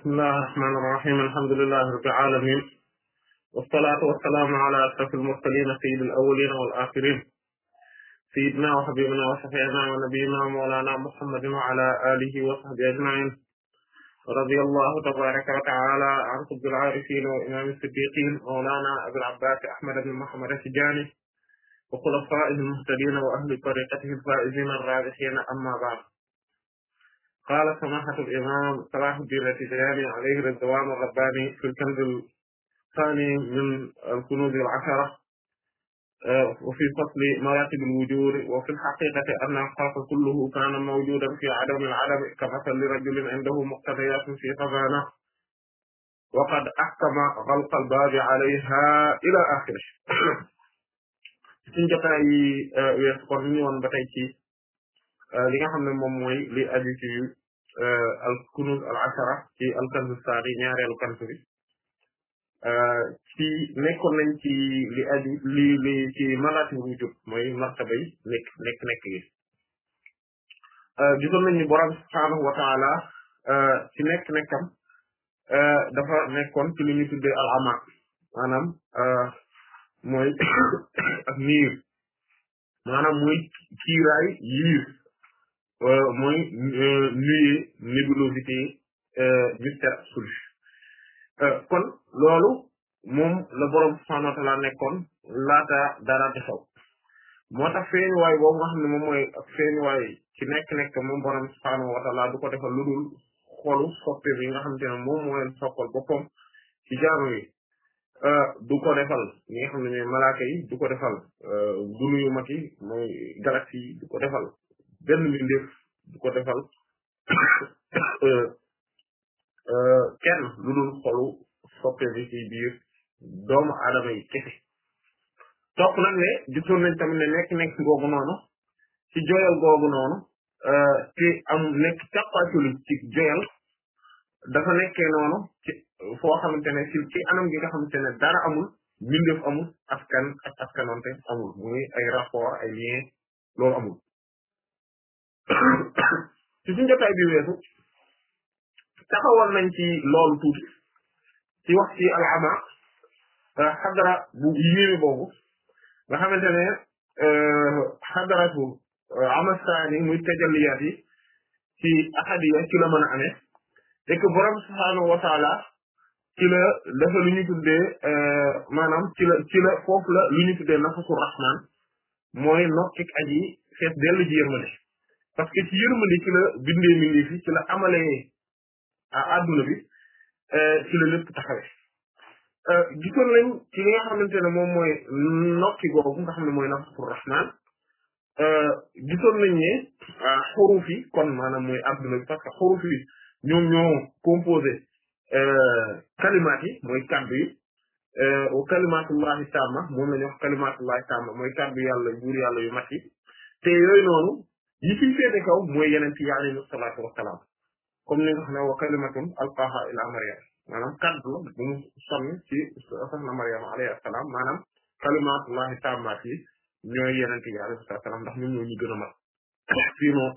bismillahi irrahmani irrahim alhamdulilahi rabbil alamin wassalatu wassalaamu ala ashrafil mursalin sayyidil awwalin wal akhirin sayyidina wa habibina wa shafi'ina wa nabiyyina wa mawlana muhammadin wa ala alihi wa sahbihi ajma'in radiyallahu tabaraka wa ta'ala an qutbil aarifin wa imam siddiqin mawlana abil abbas ahmad ibn muhammad at-tijani wa khulafa'ihil muhtadin wa ahli tariqatihi al-faa'izin ar-raabihin amma ba'd qaala samaahatu al-imaam Salaahuddin at-Tijaani alayhi ridwaanu rabbaani fi al-kanz al-saani min al-kunuuz al-ashara wa fi fasli maraatib al-wujuud wa fi al-haqiiqati anna al-xalqa kulluhu kaana mawjuudan fi adami al-adami kamasali rajulin indahu muqtadiyaatun fi xazaanatin wa qad ahkama xalqa al-baabi alayhaa ilaa aaxirih suñu jotaay yi wees kon ñu woon ba tey ci li nga xam ne moom mooy li aju ci Euh, al kunuz al ashara ci al kanzu saari ñaareelu kanzu bi euh, ci nekkoon nañ ci li aju li li ci malaati wujub mooy martaba yi nekk nekk nekk yi euh, gisoon nañ ni borom subhaanahu wa taala ci nekk nekkam dafa nekkoon ci li ñu tuddee al amak maanaam mooy ak niir maanaam muy kiiraay yiir Euh, mooy nuée nébulosité mystère absolu kon loolu moom la boroom subhaanahu wa ta'aala nekkoon laata dara di xew moo tax feeñuwaay boobu nga xam ne moom mooy ak feeñuwaay ci nekk-nekk moom boroom subhaanahu wa ta'aala du ko defal lu dul xolu soppe nga xamante ne moom moo leen soppal boppam ci jaamu yi euh, du ko defal ñi nga xam ne ñooy malaaka yi du ko defal gunu euh, yu mag yi ko defal benn mbindeef du ko defal euh, euh, kenn lu dul xolu soppe bi ci biir doomu aadama yi kese topp nag ne gisoon nañ tamit ne nekk nekk googu noonu ci joyal googu noonu te euh, am nekk càppaaculi ci dafa nekkee noonu ci foo xamante ne ci ci anam gi nga xamante ne dara amul mbindeef amul askan ak amul muy ay rapport ay lien amul ci suñu jotaay bi weesu taxawoon nañ ci loolu tuuti ci wax ci alama xadara euh, bu yéeme boobu nga xamante ne xadaratu euh, euh, amasaani muy tajalliyaat ci ahadiya ci la mën a amee te que borom subhaanahu ci la dafa lu ñu tuddee maanaam ci la ci la foofu la lu ñu tuddee nafasu rahman mooy nokkik aji fees dellu ji yërmande parce que ci yërmande ci la bindee mi fi ci la amalee à adduna bi euh, ci la lépp taxawee. Euh, gisoon nañ ci li nga xamante ne moom mooy nokki googu nga xam ne mooy nafsu rahman euh, gisoon nañ ne ah, xuruf yi kon maanaam mooy adduna bi parce que xuruf yi ñoom ñoo composé kalimaat yi mooy kàddu yi wa kalimatullahi tamma moom la ñuy wax kalimatullahi tamma mooy kàddu yàlla buur yàlla yu mat yi te yooyu noonu yi fi féete kaw mooy yeneen ci alayhi salaatu wassalaam comme ni nga xam ne kalimatun alqaaha ila maryam maanaam kaddu la yi ñooy yeneen ci alayhi salaatu wassalaam ndax ñoom ñoo ñu gën a mat sinon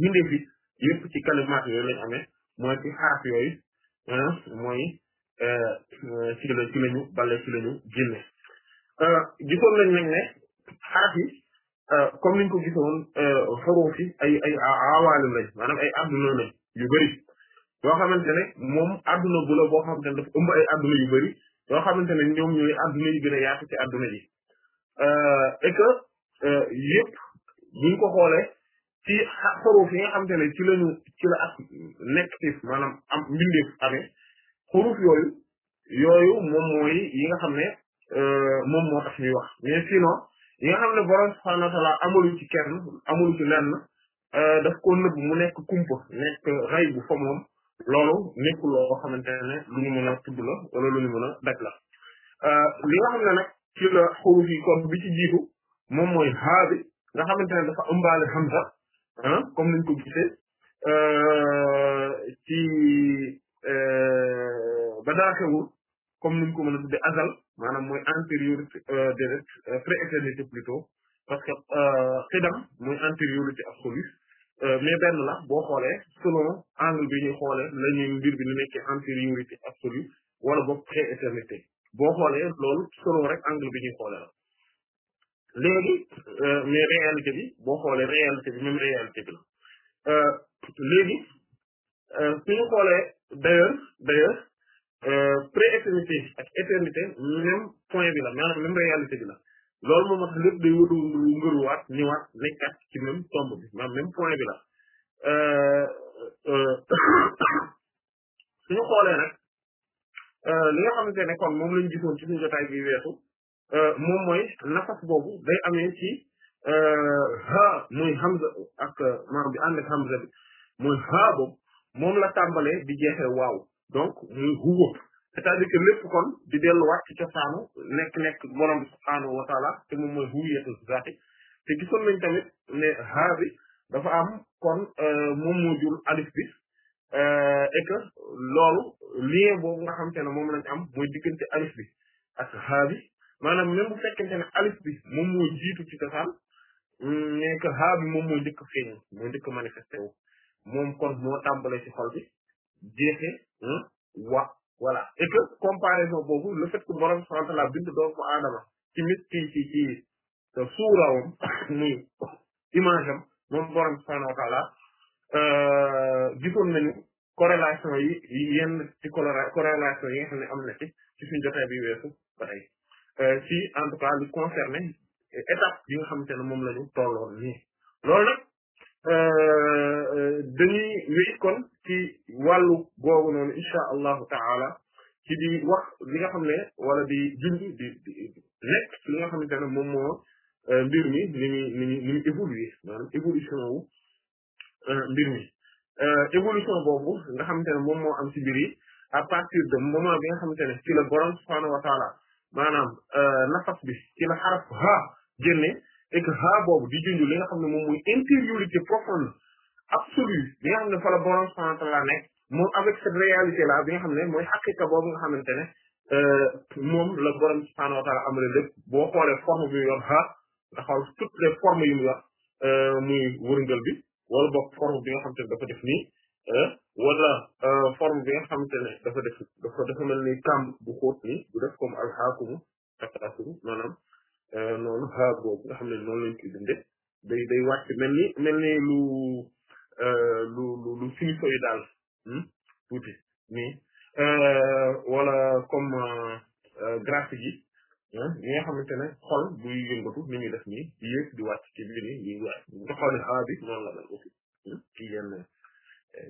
bindee fi yëpp ci kalimaat yooyu lañ amee mooy ci xaraf yooyu mooy euh, ci la ci lañu bale ci lañu génne euh, gisoon nañ nag ne yi Euh, comme niñ ko gisoon euh, xaruuf yi ay ay awaalim lañ maanaam ay adduna lañ yu bëri yoo xamante ne moom adduna bu la boo xamante ne dafa yu bëri yoo xamante ne ñoom ñooy adduna yi gën a yaatu ci adduna yi euh, et que yëpp buñ ko xoolee ci xaruuf yi nga xamante ne ci lañu ci la ak nekk ci maanaam am mbindeef amee xaruuf yooyu yooyu yi nga xam ne moom moo tax ñuy wax sinon yi xam ne borom subhaanahu wa ci kenn amul ci lenn euh, daf ko nëbb mu nekk kumpa nekk rey bu fa moom loolu nekkul loo ne lu ñu mën a tudd wala lu ñu mën a daj la euh, xam ne nag ci la xuruf kon bi ci jiitu moom mooy haa nga xamante dafa ëmbaale hamza ah comme niñ ko gisee euh, ci ba daakewul comme niñ ko mën a tuddee azal maanaam mooy antériorité euh, déedéet euh, pré-éternité plutôt parce que euh, xidam mooy antériorité absolue mais benn la boo xoolee selon angle bi ñuy xoolee la ñuy mbir bi ni nekkee antériorité absolue wala boo pré-éternité boo xoolee lool selon rek angle bi ñuy xoolee la léegi mais réalité bi boo xoolee réalité bi même réalité bi la léegi suñu xoolee d'ailleurs d'ailleurs Euh, pré-éternité ak éternité même point bi la maanaam même réalité bi la loolu moom moo tax lépp day wëdu ngëruwaat ñëwaat nekkat ci même tombe bi maanaam même point bi la euh, euh, suñu xoolee nag li nga xamante ne kon moom lañu gisoon ci suñu jotaay bi weesu moom mooy nafas boobu day amee ci ha muy hamza ak maanaam bi ànd ak hamza bi muy ha boobu moom la tàmbalee di jeexee waaw donc muy huwa cest lépp kon di delluwaat ci cosaanu nekk-nekk borom bi te moom mooy dafa am kon euh, moom moo jur alif bi euh, et que loolu lien boobu nga xamante ne moom lañ am mooy diggante alif bi ak haa bi maanaam même ne alif bi moom moo ci cosaan mais que haa bi moom moo njëkk feeñ moo njëkk kon moo ci xol bi jeexe wax voilà et que comparaison boobu le fait que borom sant la bind doomu ci mit ci ci ci suurawam muy image am moom borom subhaanahu wa taala euh, corrélation yi yi yenn ci corrélation yi nga xam ne am na ci ci suñu jotaay bi ba tey euh, ci en tout cas lu concerné étape yi nga xamante ne moom la ñu tolloon nii loolu Euh, euh, dañuy wéy kon ci wàllu googu noonu incha allahu ta'ala ci di wax li nga xam ne wala di junj di di nekk li nga xamante ne moom moo euh, mbir mi ni muy ni muy évolution wu mbir mi évolution boobu nga xamante ne moom moo am ci mbir yi à partir de moment bi nga xamante ne ci la borom subhaanahu wa taala maanaam nafas bi ci la xaraf ha génne. et que boobu di junj li nga xam ne moom mooy intériorité profonde absolue bi nga xam ne fa la borom sant la nekk moom bi nga xam ne mooy xaqiqa nga xamante ne euh, moom la borom subhaanahu wa taala amale lépp boo xoolee forme bi mu yor xaa nga xool toutes les formes yu mu euh, muy wërngël bi wala boog forme bi nga xamante ne dafa def nii euh, wala forme bi nga xamante ne dafa def dafa dafa mel ni kàmb bu xóot nii bu def comme alxaakumu takkasum maanaam Euh, noonu xaar boobu nga xam ne noonu lañ koy dundee day day wàcc mel ni mel ni lu euh, lu lu lu sinisoo yi daal hmm, tuuti nii euh, wala comme graphique yi ñi hmm, nga xamante ne xol buy yëngatu ni muy def nii di yëg di wàcc ci biir nii ñuy wàcc nga ne xaar noonu la mel aussi hmm, ci yenn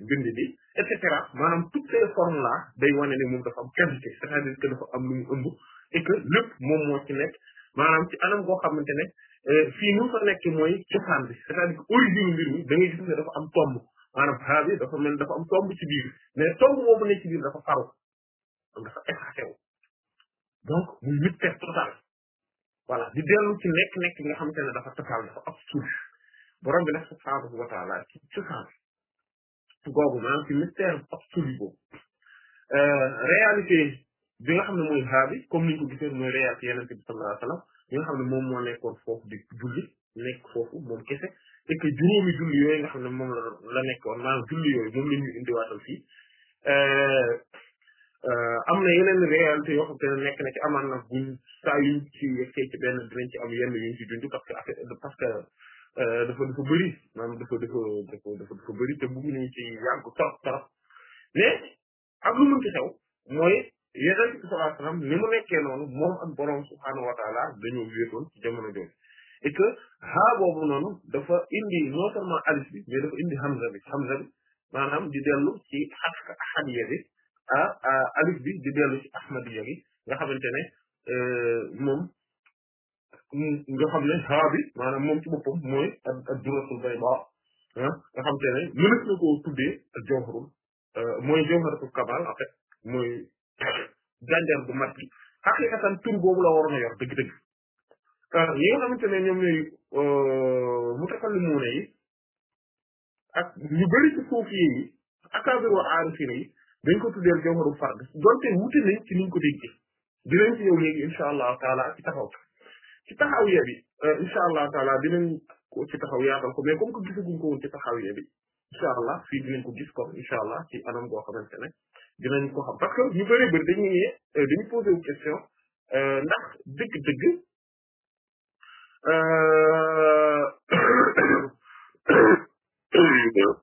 mbind bi et cetera maanaam toutes ces formes là day wane ne moom dafa am qualité c'est-à-dire que dafa am lu mu et que lépp moom moo ci nekk maanaam ci anam goo xamante ne euh, fii nu fa nekk mooy cosaan bi c'est-à-dire mbir mi da ngay gis ne am tomb maanaam xaar dafa mel dafa am tomb ci biir mais tomb boobu ne ci biir dafa faru dafa effacé wu donc muy mystère total voilà di dellu ci nekk-nekk nga xamante ne dafa total dafa absolu borom bi nag subhaanahu wa taala ci cosaan googu maanaam ci mystère absolu boobu euh, réalité bi xam ne mooy xaa bi comme niñ ko gisee mooy réyaat yenente bi sallallahu alayhi wasallam bi nga xam ne moom moo nekkoon foofu di julli nekk foofu moom kese et que xam ne moom la la nekkoon maanaam julli yooyu moom la ñuy indiwaatal fii euh, euh, am na yeneen réalité yoo xam te nekk na ci amaan na buñ saa yuñ ci yeggee parce que parce que euh, dafa dafa bëri dafa dafa dafa dafa te bëgg nañ ci yàgg trop trop mais ak lu xew mooy yonent bi sallallahu alayhi wasallam ni mu nekkee noonu moom ak borom subhaanahu wa dañoo wéetoon jamono jooju et que haa boobu noonu dafa indi non alif bi mais dafa indi hamza bi hamza di dellu ci xatka ahadiya bi ah, ah alif bi di dellu ci ahmadiya bi nga xamante ne euh, xam ne haa bi maanaam moom ci boppam mooy ak duratul bayda ah nga xamante ne mënees na koo tuddee ak jawharul euh, mooy jawharatul kamal en fait mooy jandeer bu mat bi xaqiqatan tur boobu la waroon a yor dëgg-dëgg ñi euh, nga xamante ne ñoom ñooy euh, mutakallimuuna yi ak ñu bëri ci yi akabir wa aarifina yi dañ ko tuddeel jawharu fard donte wuute ko déggee dinañ ci ñëw léegi incha allahu taala ci taxaw ci taxawiya bi euh, incha allahu taala dinañ ko ci taxaw yaatal ko mais comme que gisaguñ ko woon ci taxawiya bi incha allah fii dinañ ko gis ko allah ci anam goo xamante ne dinañ ko xam parce que ñu bëree bëri dañuy ne euh, dañu posé question euh, ndax dëgg-dëgg euh,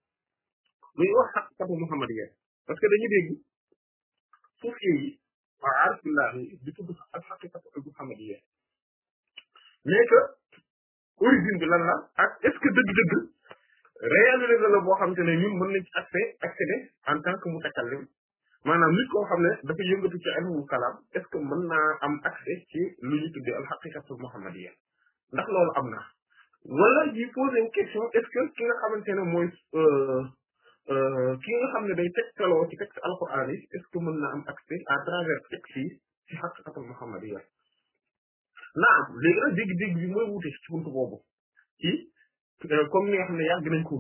muy wax xaqiqatu muhammadiyya parce que dañu dégg suufi yi waa arifillah yi di tudd ak xaqiqatu muhammadiyya mais que origine bi est-ce que dëgg-dëgg réalité la boo xam te ñun mën nañ ci accès accéder en tant que mutakallim maanaam nit koo xam ne dafa yëngatu ci ilmul kalaam est-ce que mën naa am accès ci lu ñu tuddee al haqiqatul muhammadiyya ndax loolu am na wala ji poser une question est-ce que ki nga xamante ne mooy euh, euh, ki nga xam ne day tegtaloo ci texte alquran yi est-ce que mën naa am accès à travers texte ci haqiqatul muhammadiyya naam léegi nag dégg-dégg bi mooy wute ci buntu boobu ci euh, comme ni xam ne yàgg nañ ko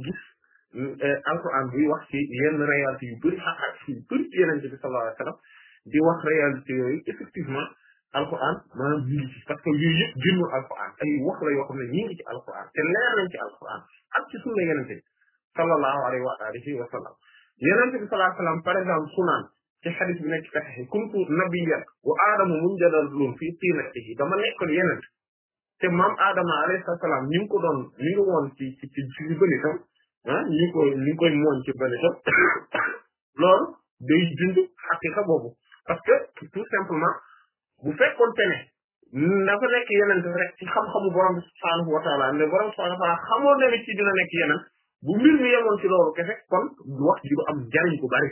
Euh, alquran buy wax ci yenn réalité yu bëri xaqat yu bëri ci yeneen bi sallallahu wa sallam di wax réalité yooyu effectivement alquran maanaam ñu ngi que yooyu yoo xam ne ñu ngi ci alquran te leer nañ ci bi sallallahu alayhi wa alihi wa sallam yeneen bi sallallahu alayhi wa sallam par exemple sunaan nekk fexe kuntu te maam aadama alayhi salaam ñu ngi doon ñu ngi woon ci ci ci ci bëri ah ñu ngi koy ñu ngi koy mooñ ci benn jox loolu day dund xaqiqa boobu parce que tout simplement bu fekkoon te ne dafa nekk yeneen rek ci xam-xamu borom bi subhaanahu wa taala mais borom subhaanahu wa taala xamoo ne ci dina nekk yeneen bu mbir mi yemoon ci loolu kese kon wax ji du am jariñ bu bari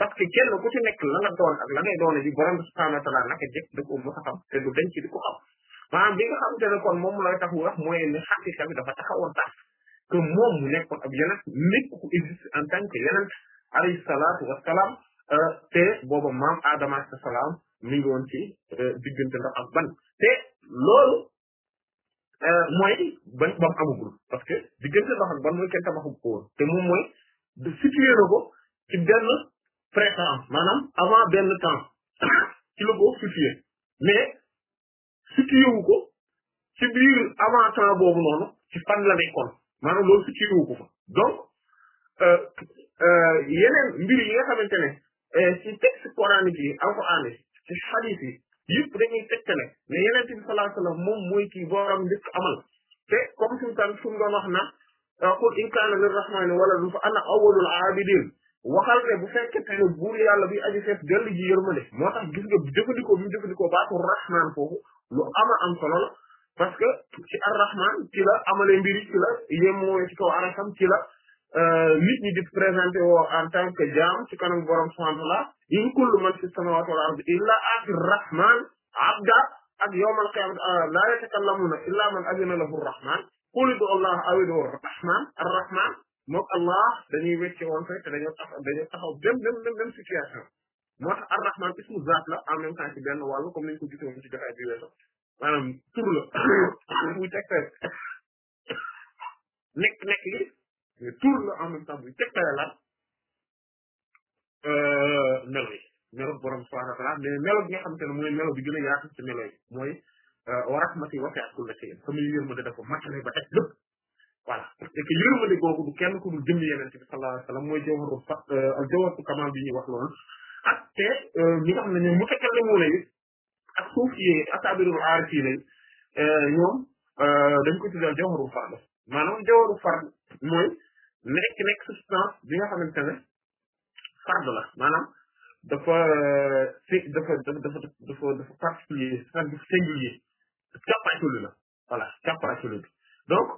parce que kenn ku ci nekk la nga doon ak la ngay doone ji borom bi subhaanahu wa taala naka jëkk da ko mos a xam te du denc di ko xam maanaam bi nga xamante ne kon moom lay que moom mu nekkoon ab yeneen nekk ku existe en tant que yeneen alayhi salaatu wa euh, te booba maam Adama salaam mi ngi woon euh, diggante ndax ak te loolu euh, mooy ban ba mu amagul parce que diggante ndax ak ban mooy kenn tabaxu ko te moom mooy de situé na ko ci benn prétemps maanaam avant benn temps ci la ko situé mais situé wu ko avant temps boobu noonu ci fan la nekkoon. maanaam loolu si ciiwu ko fa donc euh, euh, yeneen mbir yi nga xamante euh, ci texte coranique yi alxuraan yi ci xadiis yi yëpp dañuy tegtale ne yeneen bi sallallahu alayhi wasallam moom mooy kii boroom njëkk amal te comme suñu tan suñu doon wax na qul in kaana lirrahmaani waladun fa ana awwalul aabidiin waxal ne bu fekkente ne buur yàlla bi aji fees dell ji yërmande moo tax gis nga jëfandikoo bi mu jëfandikoo baatu rahmaan foofu lu ama am solo parce que ci ar-rahman ci la amale mbiri ci la yem mooy ci kaw arasam ci la euh, nit ñi di présenté woo en tant que jaam ci kanam borom subhanahu wa ta'ala in kullu man fi samawati wal ardi illa ati rahman abda ak yawmal qiyamah euh, la yatakallamuna la man azina lahu rahman qul du allah awidu rahman ar-rahman mook allah dañuy wecce woon fay te dañoo tax dañoo taxaw dem dem dem dem situation moo tax ar-rahman ismu zaat la en même temps ci benn wàllu comme niñ ko maanaam tur nekk nekk gi mais tur la en même temps buy tegtale euh, melo yi melo borom subhanahu wa ta'ala melo bi nga xamante ne melo bi gën a yaatu ci melo yi mooy euh, wa rahmati wasi'at kulla shay'in sama yërmande dafa matale ba teg lépp voilà et que yërmande googu du kenn ku dul jëm yenente bi sallallahu alayhi wasallam mooy jawharu al euh, jawharu kamal bi ñuy wax lool ak te ñi nga ne mu lay ak suufi yi asabirul aarifina euh, ñoom euh, dañ ko tuddal jawharul fard maanaam jawharul fard mooy nekk nekk substance bi nga xamante ne fard la maanaam dafa euh, dafa dafa dafa particulier c'est-à-dire dafa singulier càppaaculu la voilà càppaaculu bi donc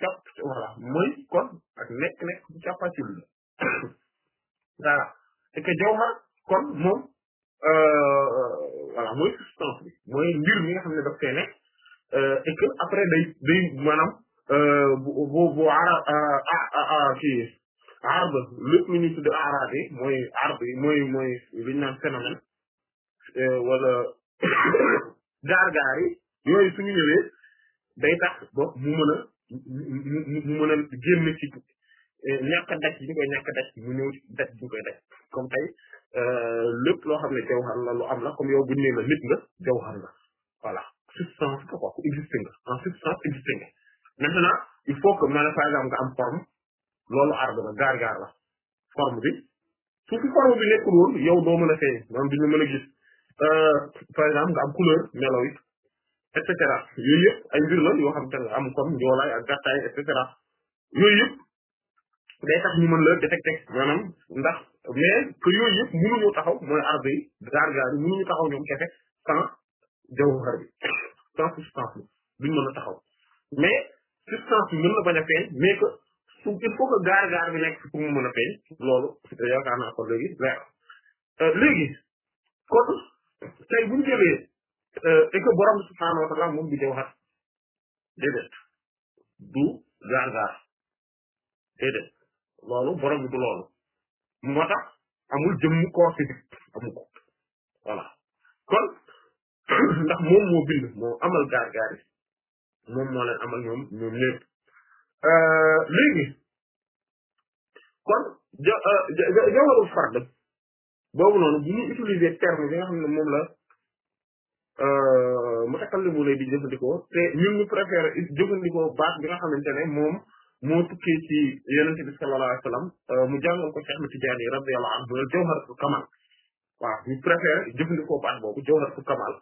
càpp voilà mooy kon ak nekk nekk càppaaculu la voilà et que jawhar kon moom voilà mooy mooy mbir mi nga xam ne daf koy nekk euh, et après day day maanaam euh, bu bu bu aara euh, kii arab lépp lu ñuy tudde arab yi mooy arab yi mooy mooy li ñu naan phénomène wala gaar-gaar yi yooyu ñëwee day tax ba mu mën a mu mën a génn ci ñàkk a daj bi ñu koy ñàkk a daj mu ñëw daj bi ñu koy euh, loo xam ne jawhar la am la comme yow bu ñu nee nit nga jawhar la voilà substance la nga en il faut que maanaam par exemple nga am forme loolu arbre la gaar-gaar la forme bi su forme bi nekkul woon yow doo mën a feeñ maanaam duñu mën a gis euh, exemple nga am couleur melo yi et cetera yooyu yëpp ay mbir la xam te nga am comme njoolaay ak gàttaay et cetera yooyu yëpp. day tax ñu mën la détecté maanaam ndax mais que yooyu yëpp mënuñu taxaw mooy arbre yi gargaar yi mënuñu taxaw ñoom kese sans jawhar bi sans substance bi duñ a taxaw mais substance bi mën na bañ a feeñ mais que su il faut que gargaar bi nekk pour mu mën a feeñ loolu yaakaar naa ko léegi leer euh, léegi kon tey buñu jëlee euh, et que borom subhaanahu wa moom bi jawhar déedéet du gargaar déedéet loolu borom du loolu moo amul jëmm corps physique amu ko kon ndax moom moo bind moo amal gaar gaar yi moom amal ñoom ñoom ñëpp euh, léegi kon ja euh, jawarul fard boobu noonu bu ñu utiliser terme bi xam ne moom la euh, mutakallimu lay di jëfandikoo te ñun ñu préféré jëfandikoo baat bi nga xamante ne moo tukkee ci yonent bi sallallahu alayhi euh, mu jàngal ko Cheikh Ahmed Tidiane radiyallahu anhu Jawharatul Kamal waaw ñu préféré jëfandikoo baat Kamal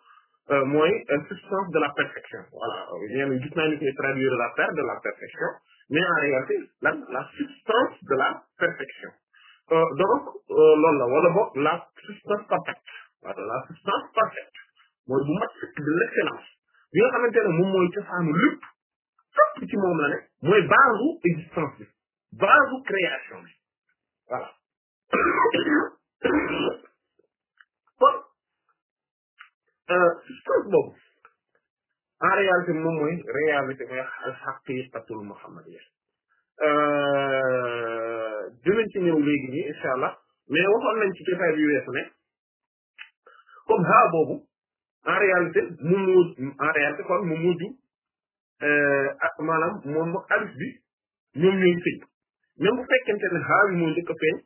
euh, mooy substance de la perfection voilà ñeen gis ni koy traduire la perte de la perfection mais en réalité la substance de la perfection euh, donc loolu la wala boog la substance parfaite la substance parfaite mooy bu mat de l'excellence bi nga xamante moom mooy cosaanu lépp lépp ci moom la ne mooy base existence bi création bi voilà substance euh, boobu en moom mooy réalité mooy alxaqiqatul muhammadiyya euh, dinañ ci ñëw léegi nii incha mais waxoon nañ ci jotaay bi weesu ne comme ha boobu en réalité en réalité kon moom moo Euh, ak maanaam moom ak alif bi ñoom ñooy sëy même bu ne xaa bi moo njëkk a feeñ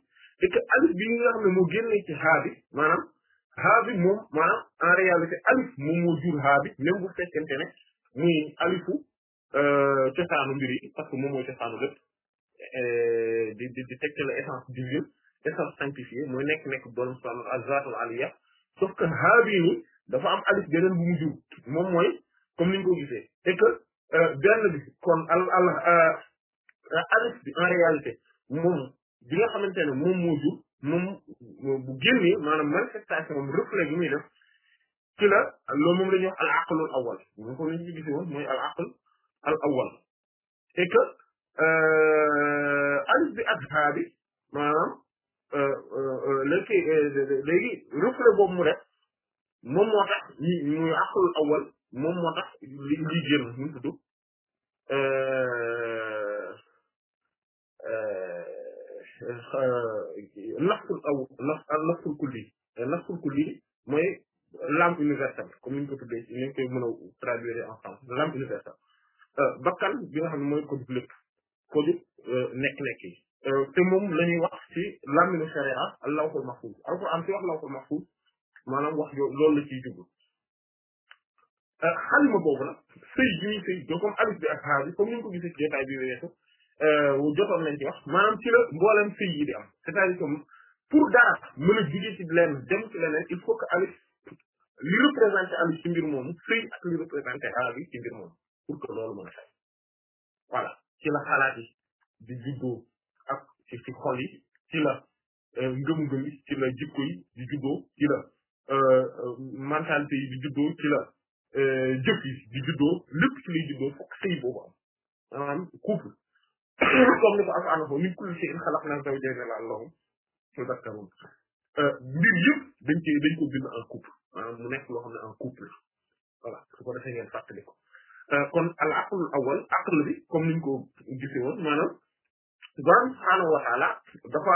et que alif bi nga xam ne moo génnee ci xaa bi maanaam xaa en réalité alif moom moo jur xaa bi même bu fekkente ne muy alifu euh, cosaanu mbir parce que moom mooy cosaanu lépp euh, di di di tegtale essence divine essence sanctifiée mooy nekk nekk borom subhanahu wa ta'ala aliya sauf que xaa bii dafa am alif beneen bu mu jur moom mooy comme ni ko gisee et que Euh, benn bi kon al al euh, euh, alif bi en réalité moom bi nga xamante ne moom moo jur bu génnee maanaam manifestation moom reflet muy def ci la loolu moom al aqlul awal moom comme ñu gisee woon mooy al aql al awal et que alif bi adha bi maanaam léegi léegi reflet boobu mu def moom moo tax muy aqlul awal moom moo tax li li génn ñu tudd euh, euh, nafsul aw naf kulli nafsul kulli mooy l'âme universelle comme ni ñu ko tuddee mën a traduire en français l'âme universelle euh, bakkan bi nga xam mooy ko jub lépp nekk-nekk te moom la wax ci làmmiñu sharia al lawhul mahfuz alquran ci wax lawhul mahfuz maanaam wax loolu la ciy Euh, xalima boobu nag sëy bi sëy do comme alif bi ak xaar bi comme ni ñu ko euh, wax maanaam ci la mboolem sëy yi di am c'est-à-dire que pour dara mën a jugee ci leen dem ci il faut que alif li représenté alif ci mbir moomu sëy ak li représenté xaar ci mbir moomu pour que loolu mën a xay voilà ci la xalaat di juddoo ak ci ci ci la euh, ngëm-ngëm ci la jikko di juddoo ci la mentalité yi di juddoo ci la Euh, jëf yi di juddoo lépp ci lay juddoo fokk sëy boobu am maanaam couple comme ni ko alquran waxoon min kulli shay'in khalaqna zawjayni la'allakum tadhakkarun euh, mbir yëpp dañ ci dañ ko bind en couple maanaam mu nekk loo xam ne en couple la voilà su ko defee euh, kon al aqlul awal aql bi comme niñ ko gisee woon maanaam borom subhaanahu wa taala dafa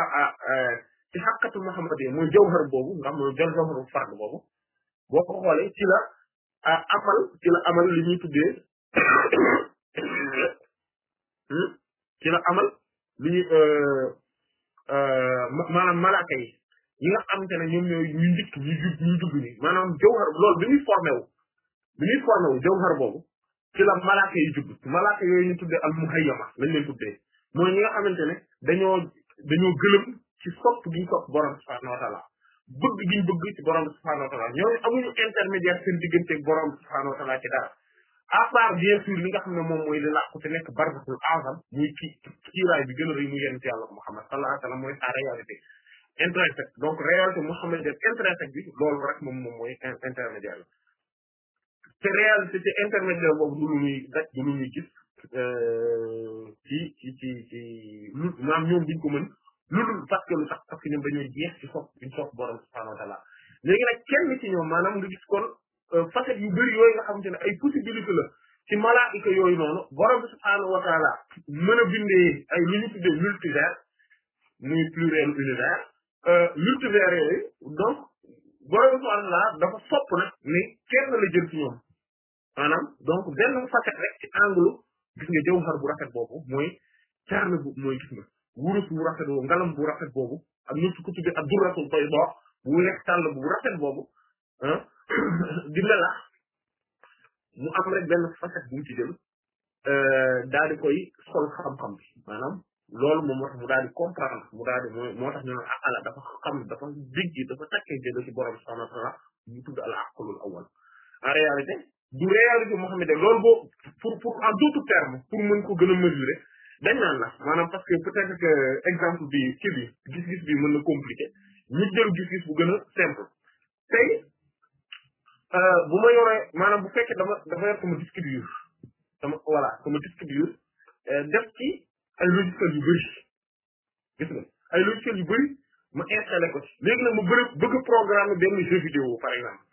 ci xàqatu muhammad yi mooy jawhar boobu nga xam mooy jawharu fard boobu boo ko xoolee ci ah amal ci la amal li ñuy tuddee hmm, ci la amal li ñuy euh, euh, maanaam malaaka yi ñi nga xamante ne ñoom ñooy ñu njëkk ñu jub ñu dugg ni maanaam jawhar loolu bi ñuy formé wu ñuy formé wu jawhar boobu ci la malaaka yi jub malaaka yooyu ñu tuddee al muhayyama lañ leen tuddee mooy ñi nga xamante ne dañoo dañoo gëlëm ci sopp gi sopp borom subhaanahu wa bëgg gi ñu bëgg ci borom subhaanahu wa taala amuñu intermédiaire seen diggante borom subhaanahu wa ci dara à bien sûr li nga xam ne moom mooy li làqu te nekk barbatul azam muy ki kiiraay bi gën a rëy mu yonent yàlla Muhammad sallallahu alayhi wa mooy sa réalité intrinsèque donc réalité muhammadienne intrinsèque bi loolu rek moom moom mooy intermédiaire te réalité te intermédiaire boobu du lu ñuy daj du lu euh, ci ci ci ci maanaam ñoom duñ ko mën lu dul parce que lu tax parce que ñoom dañoo jeex ci sopp ci sopp borom wa taala léegi nag kenn ci ñoom maanaam nga gis kon euh, facette yu bëri yooyu nga xamante ne ay possibilité la ci malaayika yooyu noonu borom bi subhaanahu mën a bindee ay lu ñu tuddee multivers muy pluriel univers euh, multivers yooyu donc borom bi subhaanahu wa taala dafa sopp nag ni kenn la jël ci ñoom maanaam donc benn facette rek ci angle gis nga jawhar bu rafet boobu mooy carne bu mooy wurus bu rafet boobu ngalam bu rafet boobu ak ñu ko tuddee ak durratul bayda bu nekk tàll bu rafet boobu ah di melax mu am rek benn facette bu mu ci jël euh, koy sol xam-xam bi maanaam loolu moom moo mu daal comprendre mu daal moo tax ñu ne ah, ala dafa xam dafa digg dafa takkee jëlo ci borom subhanahu wa ta'ala ñu tudd al aqlul awwal en réalité du réalité moo xam ne pour pour en d'autres termes pour mën ko gën a mesurer dañ naan la maanaam parce que peut-être que exemple bi kii gis-gis bi mën na compliqué ñu gis-gis bu gën a simple tey bu ma yoree maanaam bu fekkee dama dafa yor sama disque sama voilà sama disque def ci ay logiciels yu bëri gis nga ay logiciels yu bëri ma installé ko ci léegi nag ma bëri bëgg programme benn jeu vidéo par exemple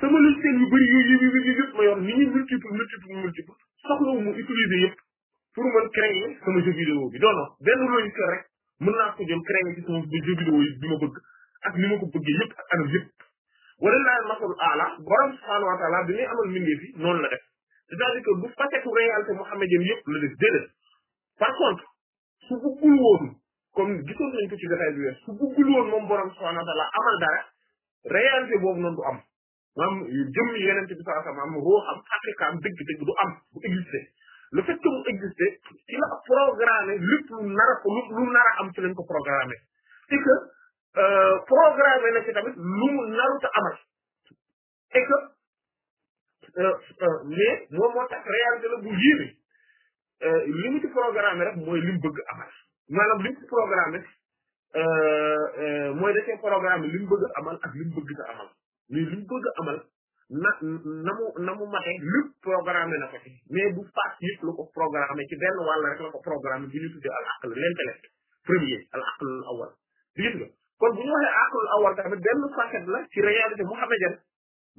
sama logiciel yu bëri yooyu yëpp yëpp ma yor ni ñuy multiple multiple multiple soxlawu mu utiliser yëpp pour mën créer sama jeu vidéo bi non non rek mën naa ko jël créer ci sama bëgg ak ni ma ko bëggee yëpp ak anam wala laa masalul aala borom subhaanahu wa taala amal mbindee fi noonu la def c'est-à-dire que du facette réalité mohammedienne yëpp la def déedéet par contre su bëggul woon comme gisoon nañ ko ci détail bi wees su bëggul woon moom borom subhaanahu wa taala amal dara réalité boobu noonu du am maanaam jëmm yeneen bi sallallahu alayhi wa sallam ruuxam xaqiqaam dëgg-dëgg du am du exister le fait que mu existe ci la lu nar am ci lañ ko programmé et que euh, programmé na ci tamit lu mu narut a amal et que euh, euh, mais moom moo tax réalité la bu yéeme li mu ci programmé rek mooy li mu amal maanaam li mu ci programmé mooy da cee programmé li mu amal ak li mu bëgg amal mais li mu amal na na mu na mu mate lépp na ko ci mais bu paas yëpp la ko programmé ci benn wàll rek la ko programmé bi ñu tuddee al aql l'intellect premier al aql al awal dégg nga kon bu ñu waxee aql al awal tamit benn facette la ci réalité muhammadienne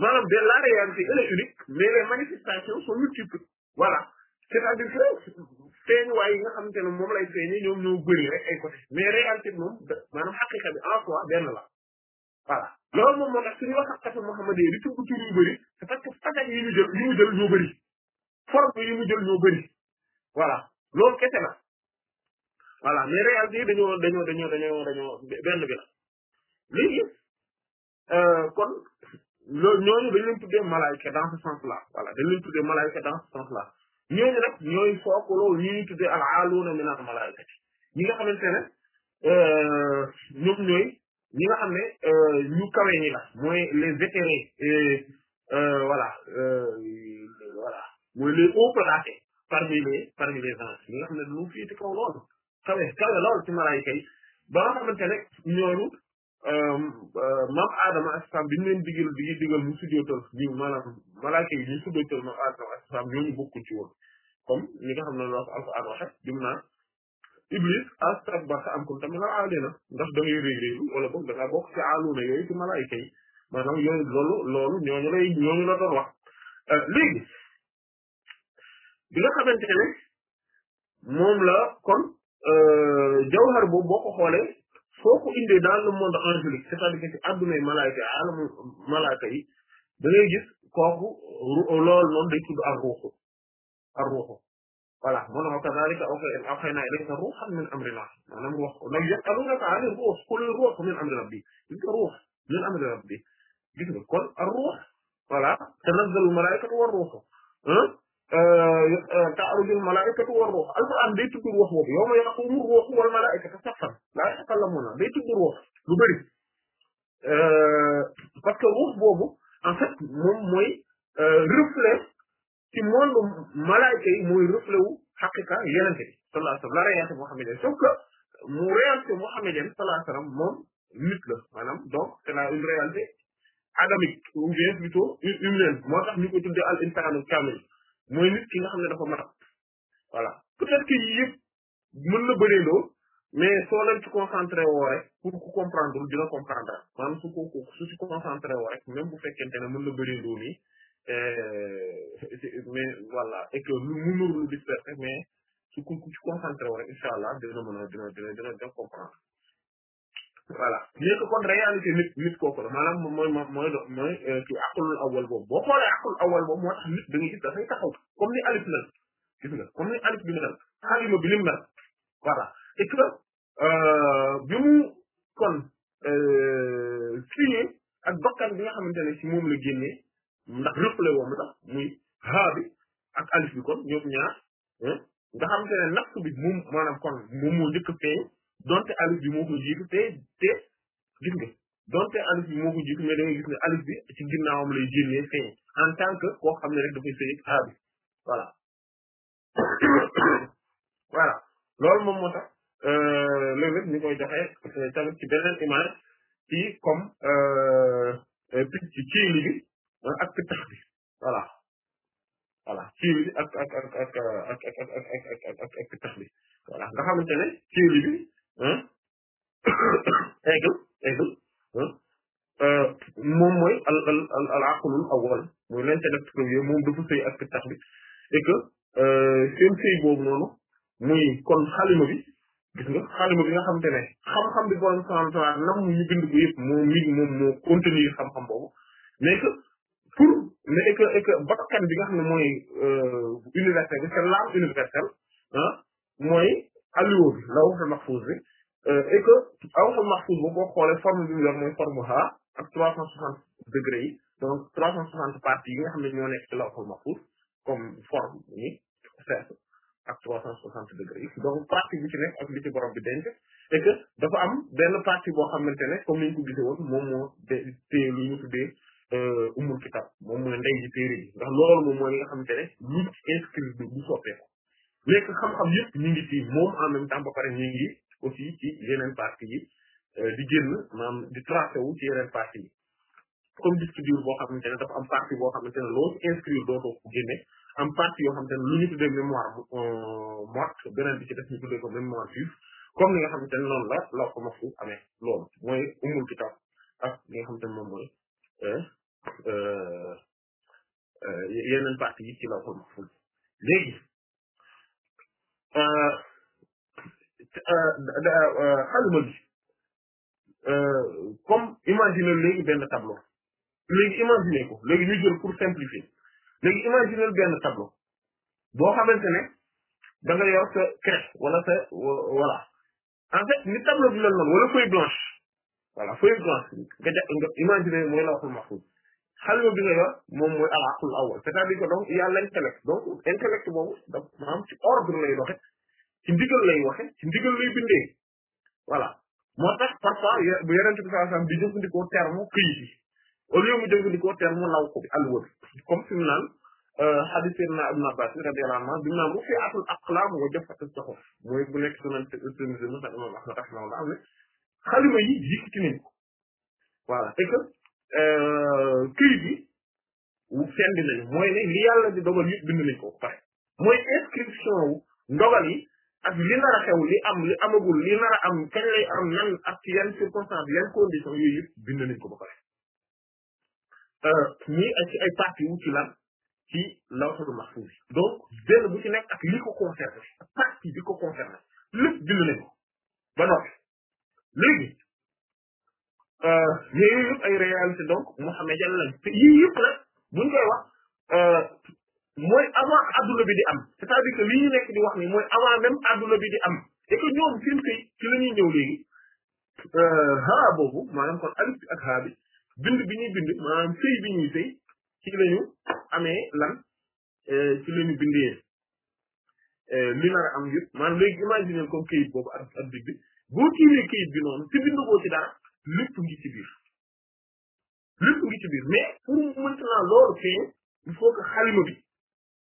maanaam de la réalité elle est unique mais les manifestations sont multiples voilà c'est-à-dire que feeñuwaay yi nga xamante ne moom lay feeñee ñoom ñoo bëri rek ay côté mais réalité bi moom maanaam xaqiqa bi en soi benn la voilà loolu moom moo tax suñu waxkatu Muhammad yi di tudd tur yi mu jël ñoo bëri forme yi mu jël ñoo bëri voilà loolu kese la voilà mais réalité dañoo dañoo dañoo dañoo benn bi la léegi euh, kon loolu ñooñu dañ leen tuddee malaayika dans ce sens là voilà dañ leen tuddee malaayika dans ce sens là ñooñu nag ñooy fokk loolu ñuy tuddee al aaluuna minal malaayikati ñi nga xamante ne euh, ñoom ñooy ñi nga xam ne euh, ñu kawe ñi la mooy les vétérans et euh, voilà euh, voilà mooy les hauts placés parmi les parmi les anges ñi nga xam ne dañoo féete kaw lool kawe kawe lool ci malaayika yi ba nga xamante ne ñooñu Adama ak bi ñu leen digal di mu sujjootal ñu maanaam malaayika yi ñu sujjootal maam Adama ak Sam ñooñu bokkuñ ci woon comme ñi nga xam ne loolu Alxuraan waxe jum naa Iblis astakbara am kunta minal aalina ndax da ngay rëy rëylu wala boog da ngaa bokk ci aaluna yooyu ci malaayika yi maanaam yooyu loolu loolu ñooñu lay ñooñu la doon wax euh, léegi moom la kon euh, jawhar boobu boo ko xoolee soo ko indee monde angélique c'est-à-dire que ci addunay malaayika yi alamu malaayika yi da ngay gis kooku loolu noonu day voilà mu ne wa kadhalika awhaynaa ilayka ruuhan min amrinaa maanaam ruux nag yas'aluunaka ani ruux qul ruux min amri rabbi gis nga ruux min amri rabbi gis nga kon ar ruux voilà tanazzalul malaa'ikatu war ruuhu euh, euh, ta'rujul malaa'ikatu war ruuh alquran day tudd ruux boobu yawma yaqumu ruuhu wal malaa'ikatu saffan laa yatakallamuuna day tudd ruux lu bëri euh, parce que ruux boobu en fait moom mooy reflet ci monde malaayka yi mooy reflet wu xaqiqa yenente bi sallallahu alayhi wa sallam la réalité mohammédienne sauf que mu réalité mohammédienne sallallahu alayhi wa sallam moom nit la maanaam donc c'est la une réalité adamique ou bien plutôt humaine moo tax ñu ko tuddee al insaanu kaamil mooy nit ki nga xam ne dafa matal voilà peut-être que yii yëpp mën na mais soo leen ci concentré pour ku comprendre dina comprendre maanaam si concentré woo même bu fekkente ne mën na Euh, mais voilà et que lu mu nuru lu dispersé mais su ku ci concentré wu rek incha allah dina mën a dina dina dina dina comprendre voilà mais que kon nit nit kooku la maanaam mooy mooy mooy euh, ci àqulul awal boobu boo xoolee àqulul awal boobu moo tax nit da nga gis dafay taxaw comme ni alif mel gis nga comme ni alif bi mel xalima bi lim mel voilà et que euh, bi mu kon signé ak bakkan bi nga xamante ci moom la génnee. ndax rëppale woo muy haa bi ak alif bi kon ñoom ñaar nga xam te ne bi mu maanaam kon moom moo njëkk feeñ donte alif bi moo ko jiitu te te gis nga donte alif bi moo ko jiitu mais da gis ne alif bi ci ginnaawam lay génnee feeñ en tant que koo xam ne rek dafay sëy haa bi voilà voilà loolu moom moo tax euh, léeg ñu koy joxe euh, tamit ci beneen image ci comme euh, picc ci ciili bi ak pittax bi voilà voilà ciili bi ak ak ak ak ak ak ak ak ak pittax bi voilà nga xamante ne ciili bi aigle aigle moom mooy al al al al aqlul awwal mooy premier moom dafa sëy ak pittax bi et que seen sëy boobu noonu kon xalima bi gis nga xalima bi nga xamante ne xam-xam bi borom subhanahu wa xam-xam boobu mais que pour ne et que et bi nga xam ne mooy euh, universel bi c'est l'âme universelle ah mooy alluwa bi lawhul mahfuz bi euh, et que lawhul mahfuz boobu boo xoolee forme bi mu yor mooy forme ha ak trois cent soixante degrés yi donc trois cent soixante parties yi nga xam ne ñoo nekk ci lawhul mahfuz comme forme ni cercle ak trois cent soixante degrés yi donc partie bi ci nekk ak li ci borom bi denc et dafa am benn partie boo xamante ne comme ni ñu ko gisee woon moom moo umul euh, kitab moom mooy ndey ji téere bi ndax loolu moom mooy li nga xamante ne lu inscrit du soppeeku léegi xam-xam yëpp ñu ngi ci moom en même pare ñu ngi aussi ci yeneen partie yi euh, di génn maanaam di tracé wu ci yeneen partie yi comme disque dur boo xamante ne dafa am partie boo xamante ne loo inscrire dootoo ko génne am partie yoo xam ne lu ñu tuddee mémoire euh, morte beneen bi ci def ñu tuddee ko mémoire vive comme ni nga xamante ne noonu la la ko ma fu amee loolu mooy umul kitab ak li Euh, euh, yeneen parti yi ci la ko maful léegi euh, xalima bi comme imaginer léegi benn tableau léegi imaginer ko léegi ñu pour simplifier léegi imaginer benn tableau boo xamante ne da nga yor sa craie wala sa voilà en fait ni tableau bi mel noonu wala feuille blanche voilà feuille blanche nga ja nga imaginer mooy lawhul mahfuz xalima bi ne la moom mooy al aql awal cest à donc y a l'intellect donc intellect boobu daf maam ordre lay doxe ci ndigal lay waxe ci ndigal lay bindee voilà moo tax parfois bu yenente bi sallallahu alayhi wasallam di jëfandikoo terme këyit yi au lieu mu jëfandikoo terme law ko bi alwa bi comme fi mu naan euh, hadith sayyidina ibn abbas radiyallahu anhu bi mu naan rufi'atul aqlam wa jaffatu suhuf mooy bu nekk sunan tirmidhi musnad imam ahmad rahimahullah am ne xalima yi yëkkati nañ ko voilà et këyit yi seen di nañu mooy ne li yàlla di dogal yëpp bind nañ ko pare mooy inscription wu ndogal yi ak li nar xew li am li amagul li nar am kañ lay am nan ak ci yan circonstance yan condition yooyu yëpp bind nañ ko ba pare euh, ñii ak ay parti wu ci lan ci lawhatul mahfuz donc benn bu ci nekk ak li ko concerné partie bi ko concerné lépp bind nañ ko ba noppi léegi Euh, yooyu yëpp ay réalité donc mohammédienne lañ yii yëpp nag buñ koy wax euh, mooy avant adduna bi di am c'est-à-dire que li ñu nekk di wax ni mooy avant même adduna bi di am et ñoom seen këy ci la ñëw léegi euh, haa boobu maanaam kon alif ak haa bi bind bi ñuy bind maanaam sëy bi ñuy sëy ci la ñu amee lan ci la bindee li nar am yëpp maanaam léegi imaginer comme këyit boobu ak ak bi boo tiiree këyit bi noonu te bind ko dara lépp ngi ci biir lépp ngi ci biir mais pour maintenant loolu feeñ il faut que xalima bi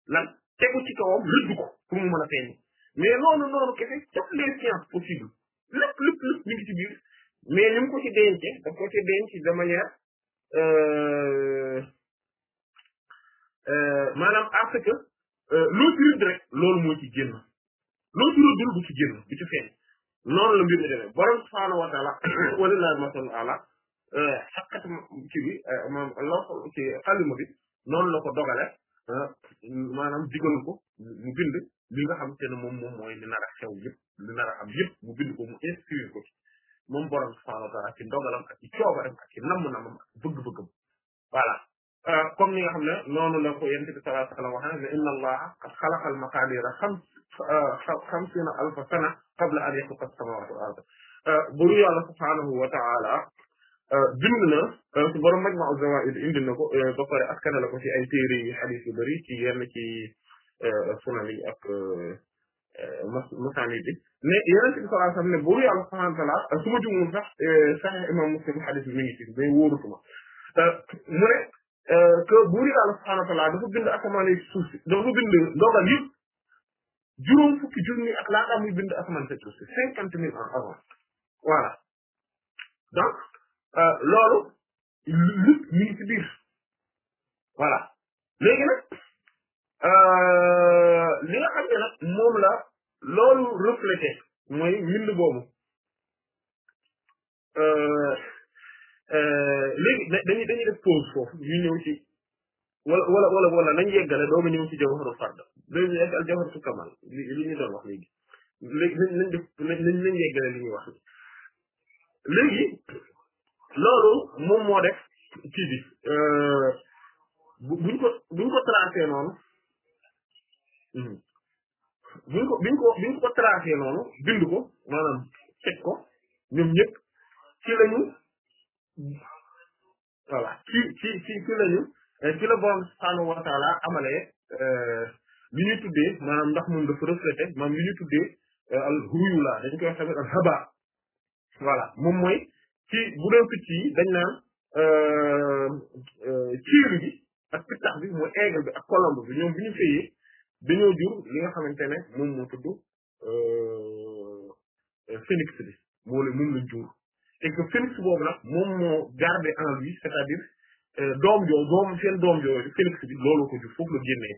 lan tegu ci kawam rëdd ko pour mu mën a feeñ mais loolu noonu kese toutes les sciences possibles lépp lépp lépp ngi ci biir mais ni mu ko ci dence daf ko ci denc de manière euh, euh, maanaam parce que euh, loo rek loolu moo ci génn loo ci rëddul bu ci génn bu ci feeñ noonu la mbir mi demee borom subhaanahu wa taala walillahi masalul ala xaqat euh, ci bi euh, maanaam loo ci xalima bi noonu la ko dogale euh, maanaam digal ko mu bind li nga xam te ne moom moom mooy li nar a xew yëpp li nar a am yëpp mu bind ko mu inscrire ko ci moom borom subhaanahu wa taala ci ndogalam ak ci coobaram ak ci namm-namam ak bëgg-bëggam Euh, comme ni nga xam ne noonu la ko yonent bi sallallahu alayhi wa sallam waxee ne inna allaha qad xalaqa al maqadira xam euh, xamsina alfa sana qabla an yaxluqa as-samawati wal ard euh, buru yàlla subhaanahu wa taala bind na su borom majma'u zawaid indi na ko ba pare askane la ko ci ay téere yi xadis yu bëri ci yenn ci sunan yi ak masanid yi mais yonent bi sallallahu alayhi wa sallam ne buru yàlla subhaanahu wa taala su ma jumul sax sax imam muslim xadis bi mi ngi ci mais wóorutuma mu ne Euh, que buur yàlla subhaanahu wa taala bind asamaan yi suuf si dafa bind ndogal yëpp juróom fukki ak laataa muy bind asamaan si suuf si cinquante mille ans avant voilà donc euh, loolu lépp mi ngi ci biir voilà léegi nag euh, li nga xam ne nag moom la loolu reflété mooy mbind boobu léegi dañuy dañuy def pause foofu ñu ci wala wala wala wala nañ yeggale dooga ñëw ci jawharu fard dañu yeggal jawharu kamal li li wax léegi léegi loolu moom moo def kii bi euh, buñ ko buñ hmm, noonu bind ko maanaam teg ko ñoom ñëpp ci lañu voilà ci ci ci ci la euh, borom subhaanahu wa taala amalee euh, ñu tuddee maanaam ndax moom dafa reflété maanaam li ñu tuddee euh, huyula dañ koy wax tamit al haba moom mooy ci bu picc yi dañ naan ciir bi ak pittax bi mooy aigle bi ak colombe bi ñoom bi ñu fayee dañoo jur li nga xamante ne moom moo tudd phénix bi moo leen moom lañ jur et que Félix boobu nag moom moo gardé en vie c'est-à-dire euh, doom joo doom seen doom jooju Félix bi loolu ko jur la génnee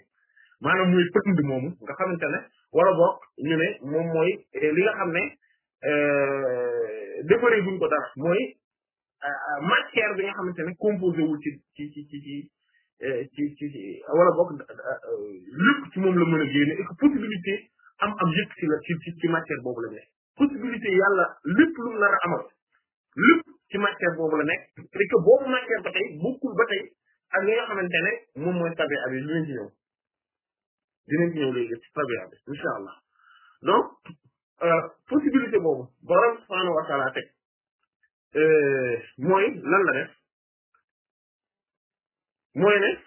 maanaam muy pënd moomu nga xamante ne wala boog ñu ne moom mooy euh, li nga xam ne euh, defaree buñ ko dara mooy matière bi nga xamante ne composé ci ci ci ci wala boog lépp ci moom la mën a génne et que possibilité am am yëpp ci matière boobu la possibilité yàlla lépp lu nar amal lépp ci matière boobu la nekk et que boobu matière ba tey bokkul ba tey ak nga xamante ne moom mooy tabi'a bi dinañ ci ñëw dinañ ci ñëw léegi ci tabi'a bi incha allah donc euh, possibilité boobu borom subhaanahu wa ta'ala teg euh, mooy lan la def mooy ne lépp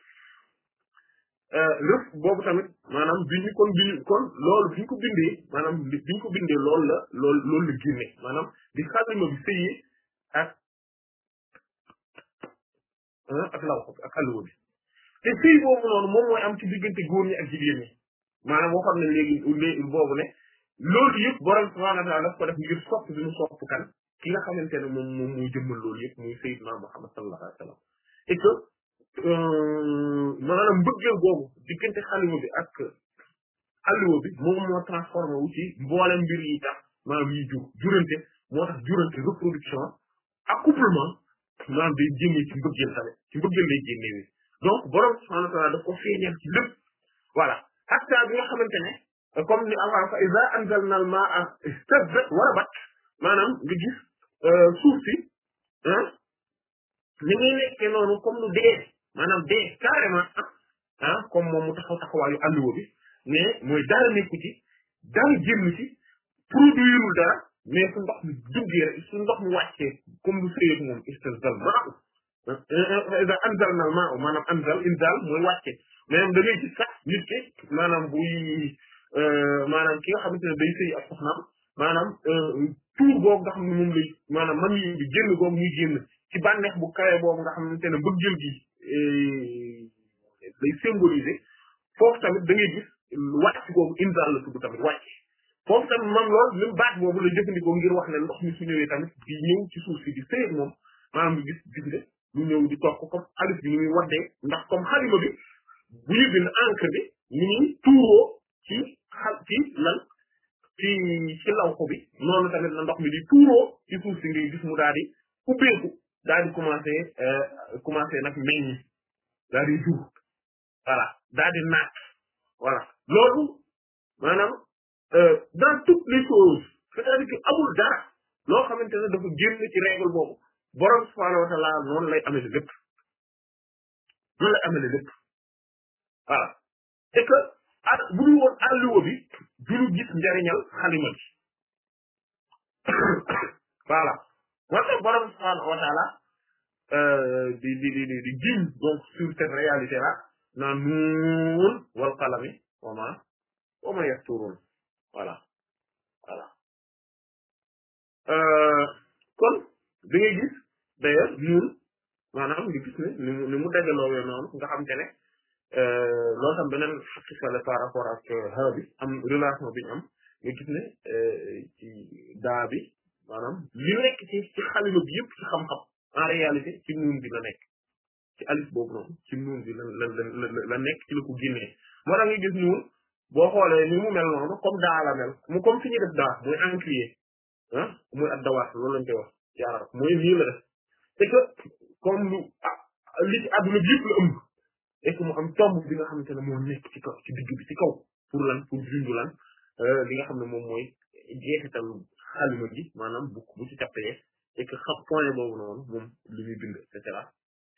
euh, boobu tamit maanaam bi ñu kon bi kon loolu bi ñu ko bindee maanaam bi ñu ko bindee loolu la loolu la génne maanaam di xalima bi sëyee ak law ko bi ak alluwa bi te sëy boobu noonu moom mooy am ci diggante góor ñi ak jigéen ñi maanaam waxoon nañ léegi léegi boobu ne loolu yëpp borom subhaanahu wa taala daf ko def ngir sopp bi mu sopp kan ki nga xamante ne moom moom muy jëmmal loolu yëpp muy sayyidna Muhammad sallallahu alayhi wa sallam et que euh, maanaam mbëggeel boobu diggante xalima bi ak alluwa bi moom moo transformé wu ci mboolem yi tax maanaam yi jur jurante moo tax jurante reproduction accouplement maanaam day génnee ci mbëggeel tamit ci mbëggeel lay génnee donc borom subhaanahu wa taala ko feeñal ci lépp voilà hatta bi nga xamante ne comme ni Allah fa iza anzalna nga gis euh, suuf si ah ni ngay nekkee noonu comme lu dee maanaam dee carrément ah comme moom mu taxaw taxawaayu àlluwa bi mais mooy dara nekku ci dara génn ci produirul dara mais su ndox mi duggee rek su ndox mi wàccee comme lu sëyeeg moom istazal maa'u iza anzalna al-maa'u maanaam anzal inzal mooy wàcce maanaam da ngay gis sax nit ki maanaam buy euh, maanaam ki nga xamante ne day sëy ak soxnaam maanaam euh, tuur boobu nga xam ne moom lay maanaam man yi bi génn boobu muy génn ci bànneex bu kawe boobu nga xamante ne mbëggeel gi euh, day symboliser foofu tamit da ngay gis wàcc boobu inzal la tudd tamit wàcce foofu tamit man loolu même baat boobu la jëfandikoo ngir wax ne ndox mi su ñëwee tamit di ñëw ci suuf si di sëyeeg moom maanaam du gis gis nga lu ñëw di toog ko comme bi ni muy waddee ndax comme xalima bi bu ñu bind encre bi ni muy tuuroo ci xal ci lan ci ci bi noonu ndox mi di tuuroo ci suuf si ngay gis mu daal di ubbeeku daal di commencé euh, commencé nag meññ daal jur voilà daal di naat loolu maanaam Euh, dans toutes les choses amul dara loo xamante ne dafa génn ci règle boobu borom subhaanahu wa taala noonu lay amee lépp noonu lay amee lépp voilà c'est que ah bu dul bi du ñu gis njariñal xalima bi voilà moo tax borom subhaanahu wa euh, di di di di giñ donc sur cette réalité là na nuun wal qalami wa ma wa ma voilà voilà euh, kon bi gis d'ailleurs ñun maanaam nga gis ne ni mu ni mu dajaloowee noonu nga xam te ne euh, loolu tam beneen xaqiqale par rapport ak xaw euh, bi am relation bi ñu am nga gis ne ci daa bi maanaam li nekk ci ci bi yëpp ci xam-xam en réalité ci nuun bi la nekk ci alif boobu noonu ci nuun bi la la la la nekk ci la ko génnee moo tax nga gis nuun boo xoolee ni mu mel noonu comme daa la mel mu comme fi ñu def daa muy encrier ah muy ab dawaat loolu lañ koy wax ci arab mooy lii la def c'est que comme ah, li am tomb bi nga xamante ne moo nekk ci kaw ci digg pour lan pour jundu lan euh, nga xam ne moom mooy jeexital xalima gi maanaam bu bu ci cappee et que xam point boobu noonu moom li bind et cetera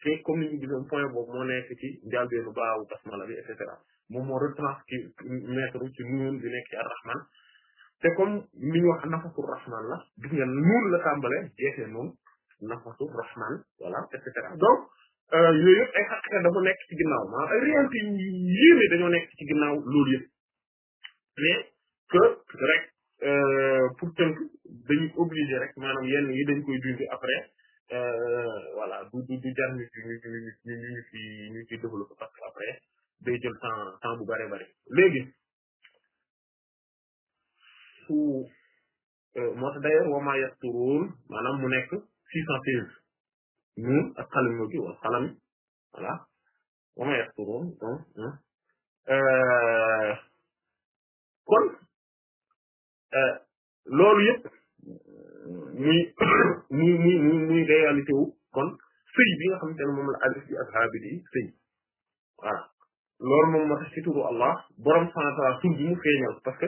te comme ni ñu point boobu moo nekk ci njàlbeenu baawu basmala bi et cetera moom moo retransmettre ci nuun bi nekk ci ar te comme li ñu wax nafatu rahman la gis nga nuun la tàmbale jeexee noonu nafatu rahman voilà et cetera donc euh, yooyu yëpp ay xaqiqa dafa nekk ci ginnaaw maanaam ay réalité yéeme dañoo nekk ci ginnaaw loolu yëpp mais que rek euh, pour tënk dañuy obligé rek maanaam yenn yi dañ koy dindi après euh, voilà du du du jar ñu ci ñu ci ñu ci ñu ci développé parce que après day jël temps temps bu bare léegi su euh, moo tax d'ailleurs wa maa yasturuun maanaam mu nekk six cent seize nuun ak xalam gi wal xalam voilà wa maa yasturuun euh, kon euh, loolu yëpp muy muy muy muy muy réalité wu kon sëy bi nga xamante ne moom la alif bi ak haabit yi sëy voilà loolu moom moo tax ci turu Allah borom subhanahu wa ta'ala bi mu feeñal parce que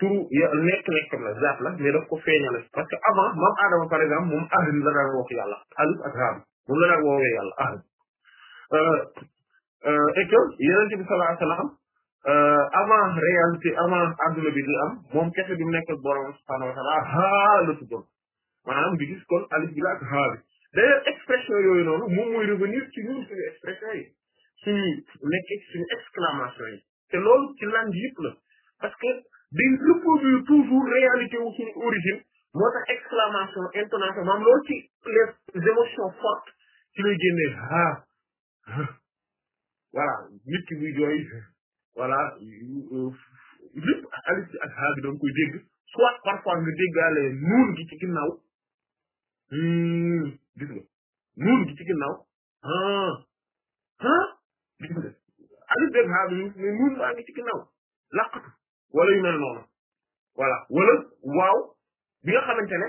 turu nekk nekkam la zaat la mais daf ko feeñal parce que avant maam Adama par exemple moom ahli la daan wax yàlla alif ak raam moom la daan woowee yàlla ahli euh, euh, et que yeneen bi sallallahu alayhi wa euh, avant réalité avant adduna bi di am moom kese bi mu nekk borom subhanahu wa ta'ala haa la tuddoon maanaam bi kon alif bi la ak haa bi expression yooyu noonu moom mooy suñuy nekk suñu exclamation yi te loolu ci langue yëpp la parce que toujours réalité wu suñu origine moo exclamation intonation maam loolu ci les émotions fortes ci lay génnee ah voilà nit ki muy jooy voilà lépp alif ci ak haa bi doon koy dégg soit parfois nga déggaale nuun gi ci ginnaaw hmm, gis nga nuun gi ci ginnaaw ah ah alif beeg xaar yu mais nuun baa ngi ci ginnaaw làqatu wala yu mel noonu voilà wala waaw bi nga xamante ne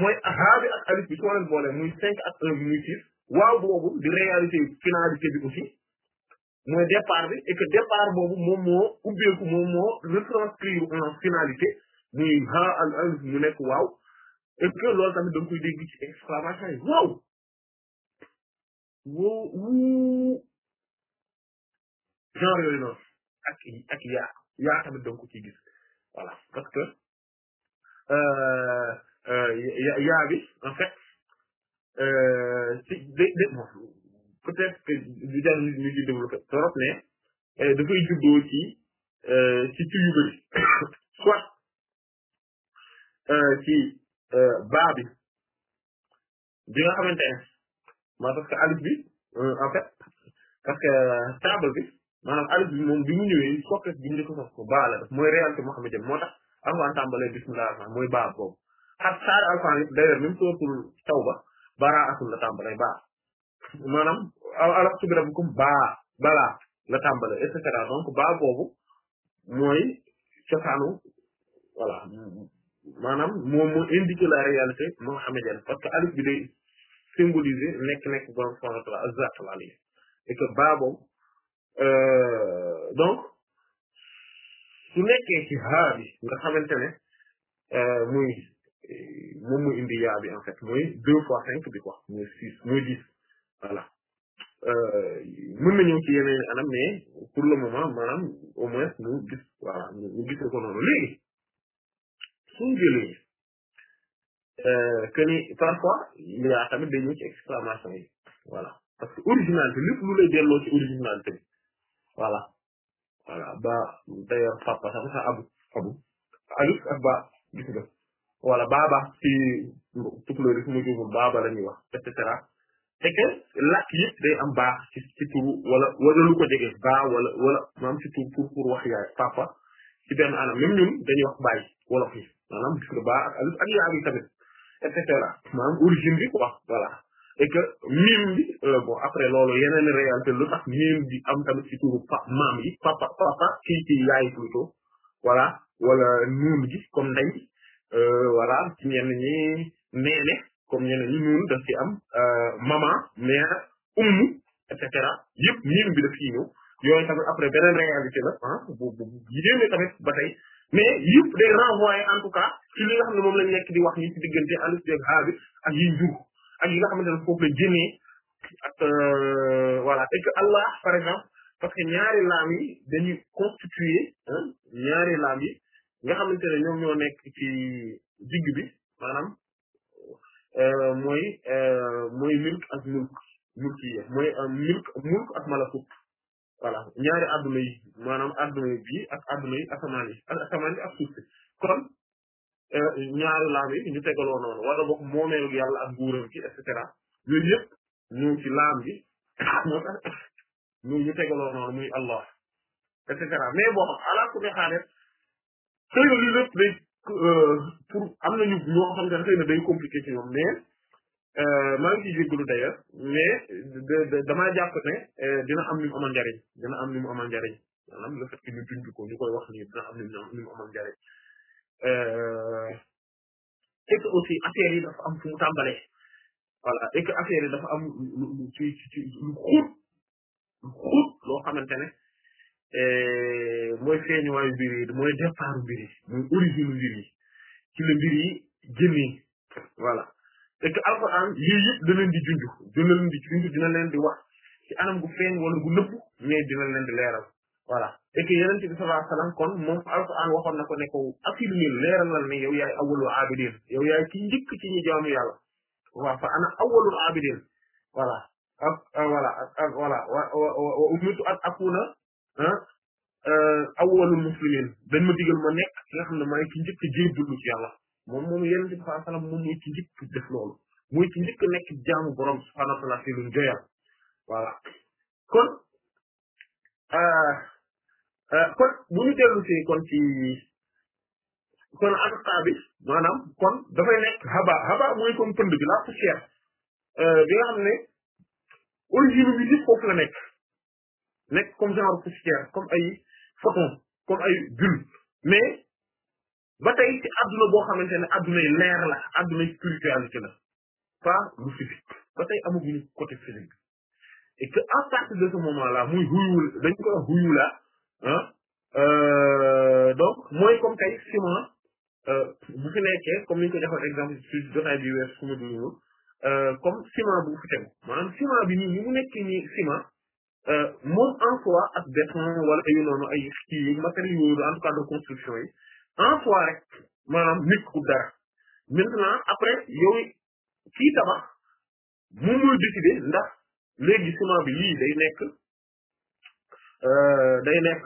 mooy xaa bi ak alif bi soo leen boole muy cinq ak muy six waaw boobu di réalité finalité bi aussi mooy départ bi et départ boobu moom moo ubbeeku moom moo retranscrire en finalité muy xaa al mu nekk waaw et que loolu tamit da nga koy dégg ci exclamation yi waaw genre yooyu noonu ak ak yaa yaa tamit donc ciy gis voilà parce que euh, euh, yaa bi en fait ci day day peut-être que du jàll ñu ñu ciy développé trop mais euh, dafay juddoo ci ci ci yu bëri soit ci baa bi bi nga xamante ne maa parce que alif bi en fait parce que table bi. maanaam alif bi moom bi mu ñëwee baa la def mooy réalité Muhammadiyya moo tax alxuraan tàmbalee bismillahir rahmanir mooy baa boobu xat saar alxuraan yëpp d'ailleurs même la tàmbalee baa maanaam alaf bi rabbikum baa balaa la tàmbalee et cetera donc baa boobu mooy cosaanu voilà maanaam moom moo indique la réalité Muhammadiyya parce que alif bi day symboliser nekk nekk borom subhanahu Euh, donc su nekkee ci haa nga xamante ne euh, muy moom indi yaa en fait muy deux fois cinq bi quoi muy six muy dix voilà euh, mën na ñëw ci yeneen anam mais pour le moment maanaam au moins ñu gis voilà ñu gis ko noonu léegi suñu jëlee que ni parfois yaa tamit dañu ci exclamation yi voilà parce que originalité lépp lu lay delloo ci originalité bi voilà voilà ba d'ailleurs papa sax sax abu abu alif ak ba gis nga wala baaba ci tukulóor su ma jógul baaba la ñuy wax et cetera et que làkk yëpp day am baax ci ci wala wala lu jege baa wala wala maam ci tur pour pour wax yaay papa ci benn anam même ñun dañuy wax baay wolof yi maanaam gis nga baa ak alif ak yaa tamit et cetera maanaam origine bi quoi voilà et que mim bi euh, bon après loolu yeneen réalité lu tax mim bi am tamit ci turu pa maam yi papa papa kii ci yaay plutôt voilà wala nuun gi comme ndañ euh, voilà ci ñenn ñi neene comme ñeneen ñi nuun daf ci am euh, maman mère ummu et cetera yëpp mim bi daf ciy yooyu tamit après beneen réalité la ah tamit ba tey mais yëpp day renvoyer en tout cas ci li nga xam ne moom lañ nekk di wax ñi ci diggante anis beeg ak yiy jur ak yi nga xamante ne foofu la génnee ak euh, voilà et que Allah par exemple parce que ñaari laam yi nga xamante ne ñoom ñoo nekk ci digg bi maanaam euh, mooy euh, mooy milk ak mulk mulk yi mooy milk mulk ak malakut voilà ñaari adduna yi maanaam adduna bi ak adduna yi asamaan ñu tegaloo noonu wala boog moomeelu yàlla ak nguuram ci et cetera yooyu yëpp ñu ci laam bi moo tax ñu muy allah et cetera mais bon ala ku ne xaaral xëy na lii lépp day euh, am na day compliqué ci ñoom mais euh, maa ne euh, dina am ni mu dina am ni mu amal njariñ ko ñu koy mu amal et que aussi affaire yi dafa am fu mu tàmbalee voilà et affaire yi dafa am lu ci ci lu xóot lu xóot loo xamante ne eh, mooy feeñuwaayu mbir yi départ mbir yi mooy origine mbir ci la mbir yi génnee voilà et que alxuraan yii da leen di junj di junj dina leen ci anam gu feeñ wala gu nëbb mais dina leen di leeral voilà et que yeneen bi sallallahu alayhi kon moom alquran waxoon na ko ne ko afilmil leeralal ne yow yaay awwalu abidin yow yaay ki njëkk ci ñi jaamu yàlla waaw fa ana awwalul abidin voilà ak voilà ak voilà wa umirtu an akuna ah, eh, awwalul muslimin dañ ma digal ma nekk ki nga xam ne maay ki njëkk jébbalu ci yàlla moom moom yeneen bi sallallahu alayhi wasallam moom mooy ki njëkk def loolu mooy ki njëkk nekk jaamu borom subhanahu Euh, kon bu ñu dellu si kon ci kon asta bi maanaam kon dafay nekk haba haba mooy kon pënd bi la poussière euh, bi nga xam ne origine bi lépp foofu la nekk nekk comme genre poussière comme ay photon comme ay bulle mais ba tey ci adduna boo xamante ne addunay leer la addunay spiritualité la pas lu physique ba tey amaguñu côté physique et que à partir de ce moment là muy huyul dañ ko wax huyula ah euh, donc mooy comme tey ciment euh, bu fi nekkee comme ni ko joxoon exemple ci jotaay bi wees su ma dund comme ciment bu fi tegu maanaam ciment bi nii ni mu nekk nii ciment euh, moom en soi ak béton wala ay kii matériaux en tout cas de construction yi en soi rek maanaam nit ku dara maintenant après yow kii tabax moom mooy décider ndax léegi ciment bi lii day nekk. Euh, day nekk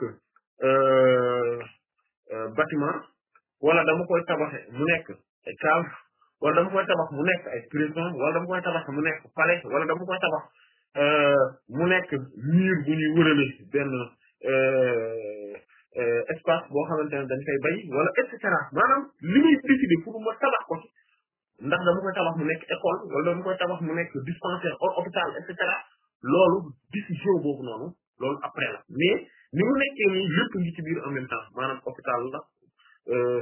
euh, euh, bâtiment wala dama koy tabaxe mu nekk ay cave wala dama koy tabax mu nekk ay wala dama koy tabax mu nekk palais wala dama koy tabax mu nekk mur bu ñuy espace boo xamante ne dañ koy bay wala et cetera maanaam li muy décider pour ma tabax ko ndax dama koy tabax mu nekk école wala dama koy tabax mu nekk dispensaire hôpital et cetera loolu décision boobu noonu loolu après la mais ni mu nekkee nii lépp ngi ci en même temps maanaam hôpital la euh,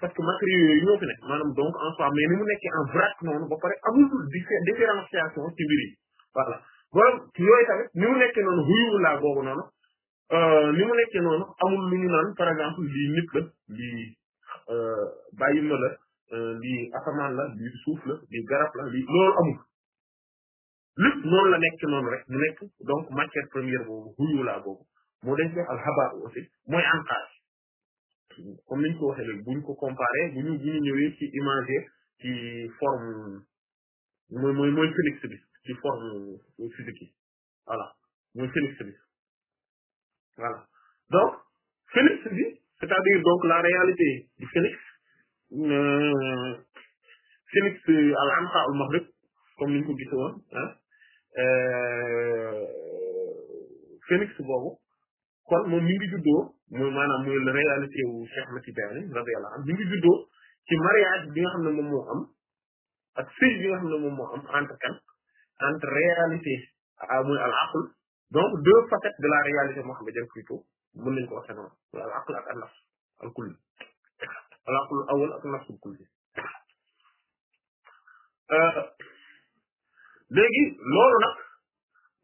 parce que matériaux yooyu ñoo fi nekk maanaam donc en soi mais ni mu nekkee en vrac noonu ba pare amul différenciation ci mbir yi voilà borom yooyu tamit ni mu nekkee noonu wuyu laa boobu noonu euh, ni mu nekkee noonu amul lu ñu par exemple lii nit la lii euh, bàyyi ma la lii asamaan la lii suuf la lii garab la lii loolu amul. lépp noonu la nekk noonu rek mu nekk donc matière première boobu huyulaa boobu moo des def alxabar aussi mooy anqaar comme niñ ko waxee léegi buñ ko comparé buñu buñu ñëwee ci image ci forme mooy mooy phénix bi ci forme physique yi voilà mooy phénix bi voilà donc phénix bi c'est-à-dire donc la réalité du phénix euh, phénix al anqa al maghrib comme niñ ko gise woon ah euh, boobu kon moom mi ngi juddoo mooy maanaam mooy la réalité wu Cheikh Ahmed Tidiane ci mariage bi nga xam ne moom moo am ak sëy bi nga xam ne moom moo am entre kan entre réalité ah, mooy al aql donc deux facettes de la réalité mohammedienne plutôt mën nañu ko waxee noonu mooy al aql ak an al kulli al aql awal ak nafsul kulli léegi loolu nag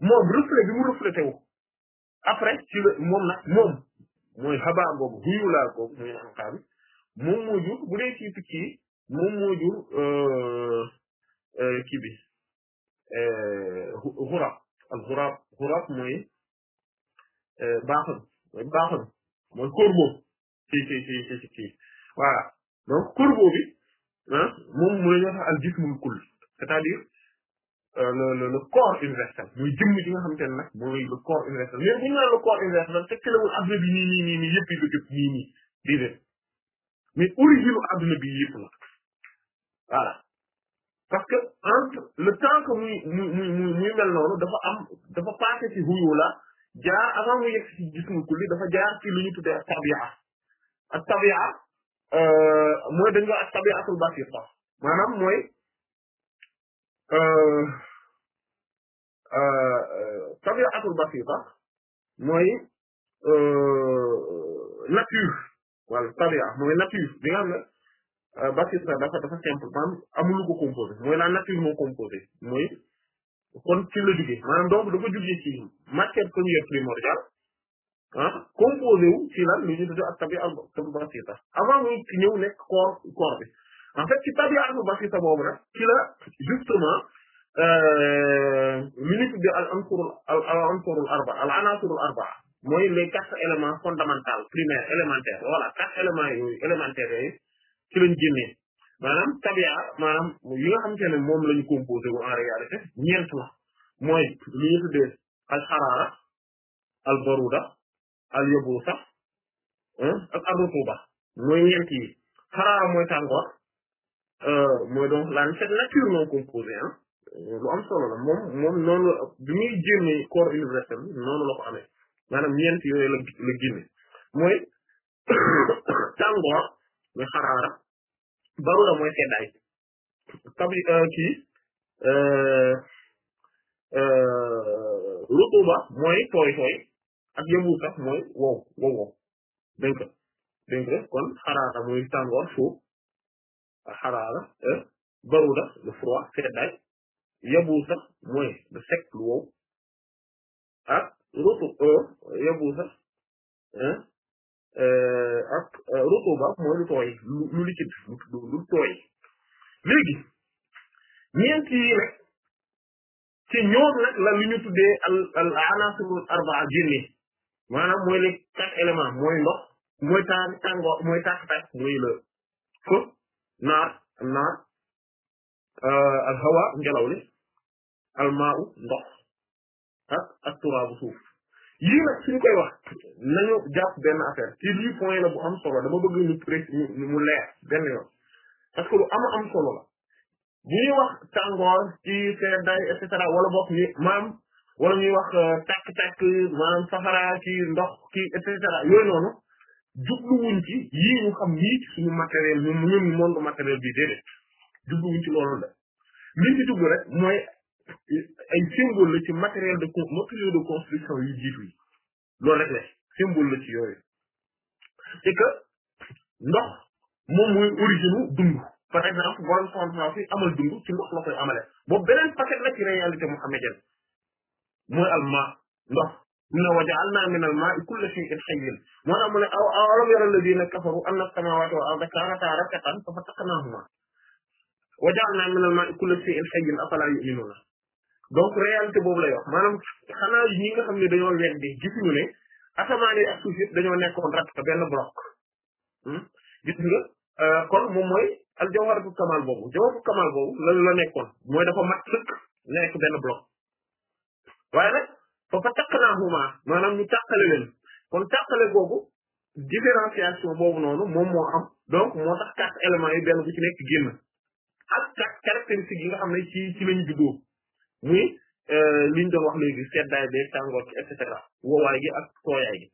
moom reflet bi mu reflété wu après ci la moom nag moom mooy xabaa googu guyulaa bi moom moo jur bu dee ci picc yi moom moo jur euh, euh, kii bi xuraab euh, al xuraab xuraab mooy baaxon mooy baaxon mooy corbeau ci ci donc corbeau bi ah moom mooy ñoo tax al jismul kull dire Euh, le le corps universel muy jëmm ji nga xamante ne nag mooy le corps universel mais bu ñu naan le corps universel tekkelewul adduna bi nii nii nii nii yëpp yi ko jëpp nii nii déedéet mais origine bi yëpp la voilà parce que entre le temps que muy muy mel noonu dafa am dafa passé ci huyu jaar avant muy yegg ci jismu kulli dafa jaar ci lu ñu tuddee ak tabia ak tabia euh, mooy dañ ko ak tabiatul basiqa maanaam mooy. Euh, tabiatul basita mooy nature wala tabia mooy nature bi nga xam ne basita dafa dafa simple maanaam amul ko composé mooy la nature moo composé mooy kon ci la maanaam donc dafa jógee ci matière première primordiale ah wu ci lu ñu tuddee ak tabiatul basita avant muy ñëw nekk corps corps bi en fait ci tabiatul basita boobu nag ci justement Euh, li ñu tuddee al ansurul al ansurul al arba mooy les quatre éléments fondamentaux primaires élémentaires voilà quatre éléments yooyu élémentaires yooyu ci lañ génnee maanaam tabia maanaam yi nga xamante ne moom lañu composé bu en réalité ñeent la mooy li ñu tuddee al xaraara al baruda al yabusa ak ar rutuba mooy ñeent yi xaraara mooy tàngoor euh, mooy donc la nature non composée ah lu am solo la moom moom noonu bi muy génnee corps universel bi noonu la ko amee maanaam ñeent yooyu la la génne mooy tàngoor muy xaraara barula mooy seddaay tabi euh, kii euh, euh, rutuba mooy tooy tooy ak yëngu sax mooy wow wow wow dégg nga dégg nga kon xaraara muy tàngoor suuf xaraara baruda le froid seddaay yabu sax mooy da sekk lu wow ah, e, euh, ak euh, rutu yabu sax ak rutuba mooy lu tooy lu liquide lu tooy léegi ñeent yi nag ci ñoom nag la lu ñu tuddee al al anasirul arbaa génne maanaam mooy les quatre éléments mooy ndox mooy tàng tàngoor mooy tàkk-tàkk mooy la feu naar naar Euh, al hawa ngelaw li al maa'u ndox ak ak turaabu suuf yii nag suñ koy wax nañu jàpp benn affaire ci lii point la bu am solo dama bëgg ñu pré mu leer benn yoon parce que lu am am solo la ñuy wax tàngoor ci sedday et wala bopp maam wala ñuy wax euh, tàkk-tàkk maanaam safara ci ndox ki et cetera yooyu noonu jubluwuñ ci yii ñu xam yii ci suñu matériel ñun monde matériel bi déedéet jubluwuñ ci loolu de liñ ci rek mooy ay ci matériel de construction yu jiitu yi loolu rek la ci yooyu c'est ndox moom mooy origine dund par exemple borom soxna fi amal dund ci ndox la koy amale boobu beneen paquet la ci réalité mohammedienne mooy alma ndox inna waja'alna min al-ma'i kulla shay'in hayyin moo tax mu ne aw alam yara alladhina kafaru anna as-samawati wal arda kanata ratqan fa fataqnahuma wa ja'alna min al-ma'i kulli shay'in hayyin afala yu'minuna donc réalité boobu lay wax maanaam xanaa ñi nga xam ne dañoo weddi gisuñu ne asamaan yi dañoo nekkoon rat benn bloc hmm? gis nga euh, kon moom mooy al jawharatu kamal boobu jawharatu kamal boobu la la nekkoon mooy dafa mat sëkk nekk benn bloc waaye nag fa fa taqnahuma maanaam ñu tàqale kon tàqale googu différenciation boobu noonu moom moo am donc moo tax quatre éléments yi benn bu ci nekk ak ak caractéristiques yi nga xam ne ci ci lañu juddoo muy euh, liñ doon wax léegi seddaay beeg tàngoor ci et gi ak tooyaay gi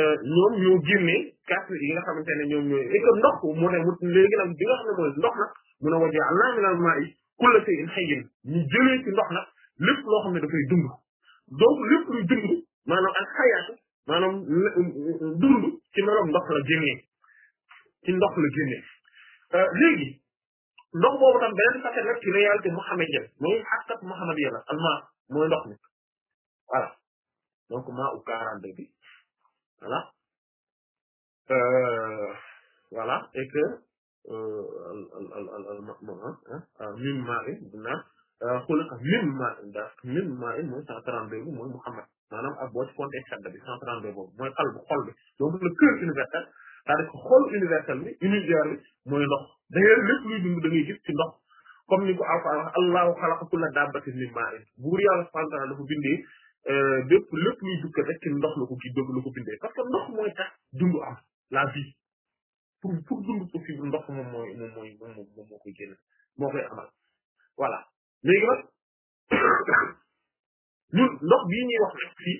euh, ñoom ñoo génnee carte yi nga xamante ne ñoom ñooy et ndox mu ne mu léegi nag bi nga xam ne mooy ndox nag mu ne wajee àllaa minal maa yi kulla shay'in hayyin ñu jëlee ci ndox nag lépp loo xam ne dafay dund donc lépp lu dund maanaam ak xayaatu maanaam ci meloom ndox la génnee ci ndox la génnee euh, léegi ndox boobu tam beneen facette la ci réalité muhammadienne mooy xàqat muhammadiya la almaa mooy ndox mi voilà donc maa u 42 bi voilà euh, voilà et que min maa in dinaa xulaka min maa in daal min maa in mooy 132 maanaam ak boo ci compté xadda bi 132 boobu mooy xal bu xol bi donc le cœur universel cest à xol universel bi univers bi mooy ndox d'ailleurs lépp luy dund da ngay gis ci ndox comme ni ko Alxuraan wax allahu xalaqa kulla dabbatin min maa'in buur yàlla subhaanahu wa ta'aala dafa bindee lépp euh, lépp luy dukk rek ci ndox la ko kii parce que ndox mooy tax dund am la vie pour pour dund possible moo koy génn moo koy amal voilà léegi nag ñun ndox bii ñuy wax fii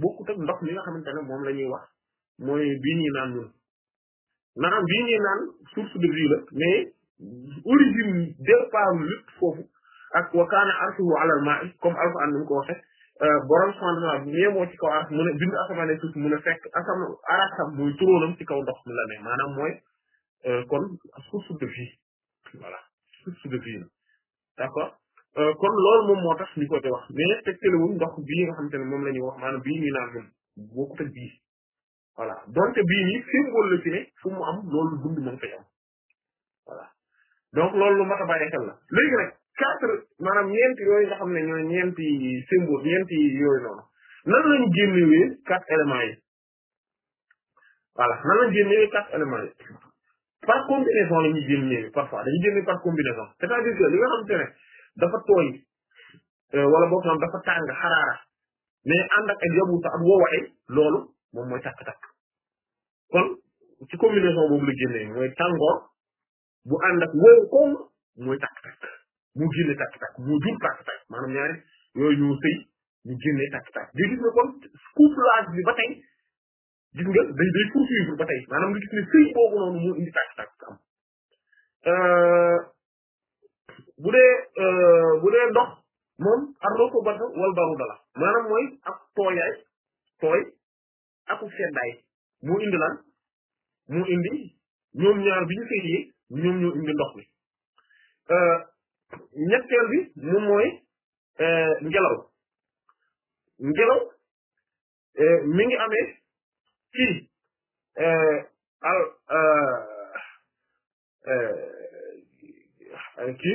bokkut ak ndox mi nga xamante ne la ñuy wax mooy bii ñuy naan ñun maanaam bii ñuy naan source de vie la mais origine départ lépp foofu ak wa kaana arshuhu alal maa'i comme alquran ni mu ko waxe euh, borom subhaanahu moo ci kaw arsh mu ne bind asamaan ak mu ne fekk asama arsh am muy turóonam ci kaw ndox mi la ne maanaam mooy euh, kon source de vie voilà source de vie la euh, kon loolu moom moo tax ñu ko di wax mais tegtalewul ndox bii nga xam te ne moom la ñuy wax maanaam bii ñuy naan moom bokkut ak bii voilà donte bii nii la ci fu mu am loolu dund mën fay am voilà donc loolu lu mat a bàyyi xel la léegi nag quatre maanaam ñeenti yooyu nga xam ne ñooy ñeenti symbole ñeenti yooyu noonu nan lañ génnewee quatre éléments yi voilà nan lañ génnewee quatre éléments yi par combinaison la génnewee parfois dañuy génne par combinaison c'est-à-dire que li nga xamante ne dafa tooy euh, wala boog dafa tàng xaraara mais ànd ak ak yabu ta ak woowaay loolu moom mooy takk-takk kon ci combinaison boobu la génnee mooy tàngoor bu ànd ak wow koom mooy takk-takk mu génne takk-takk mu jur takk-takk maanaam ñaari yooyu ñoo sëy ñu génne takk-takk nga gis ne kon couplage bi ba ba tey maanaam nga gis boobu noonu moo takk-takk am euh, bu dee euh, bu dee ndox moom ar ko bata baru dala maanaam mooy ak tooyaay tooy aku seddaay moo indi lan moo indi ñoom ñaar bi ñu ñoom ñoo indi ndox mi euh, ñetteel bi moom mooy euh, ngelaw ngelaw euh, mi ame amee ci al ci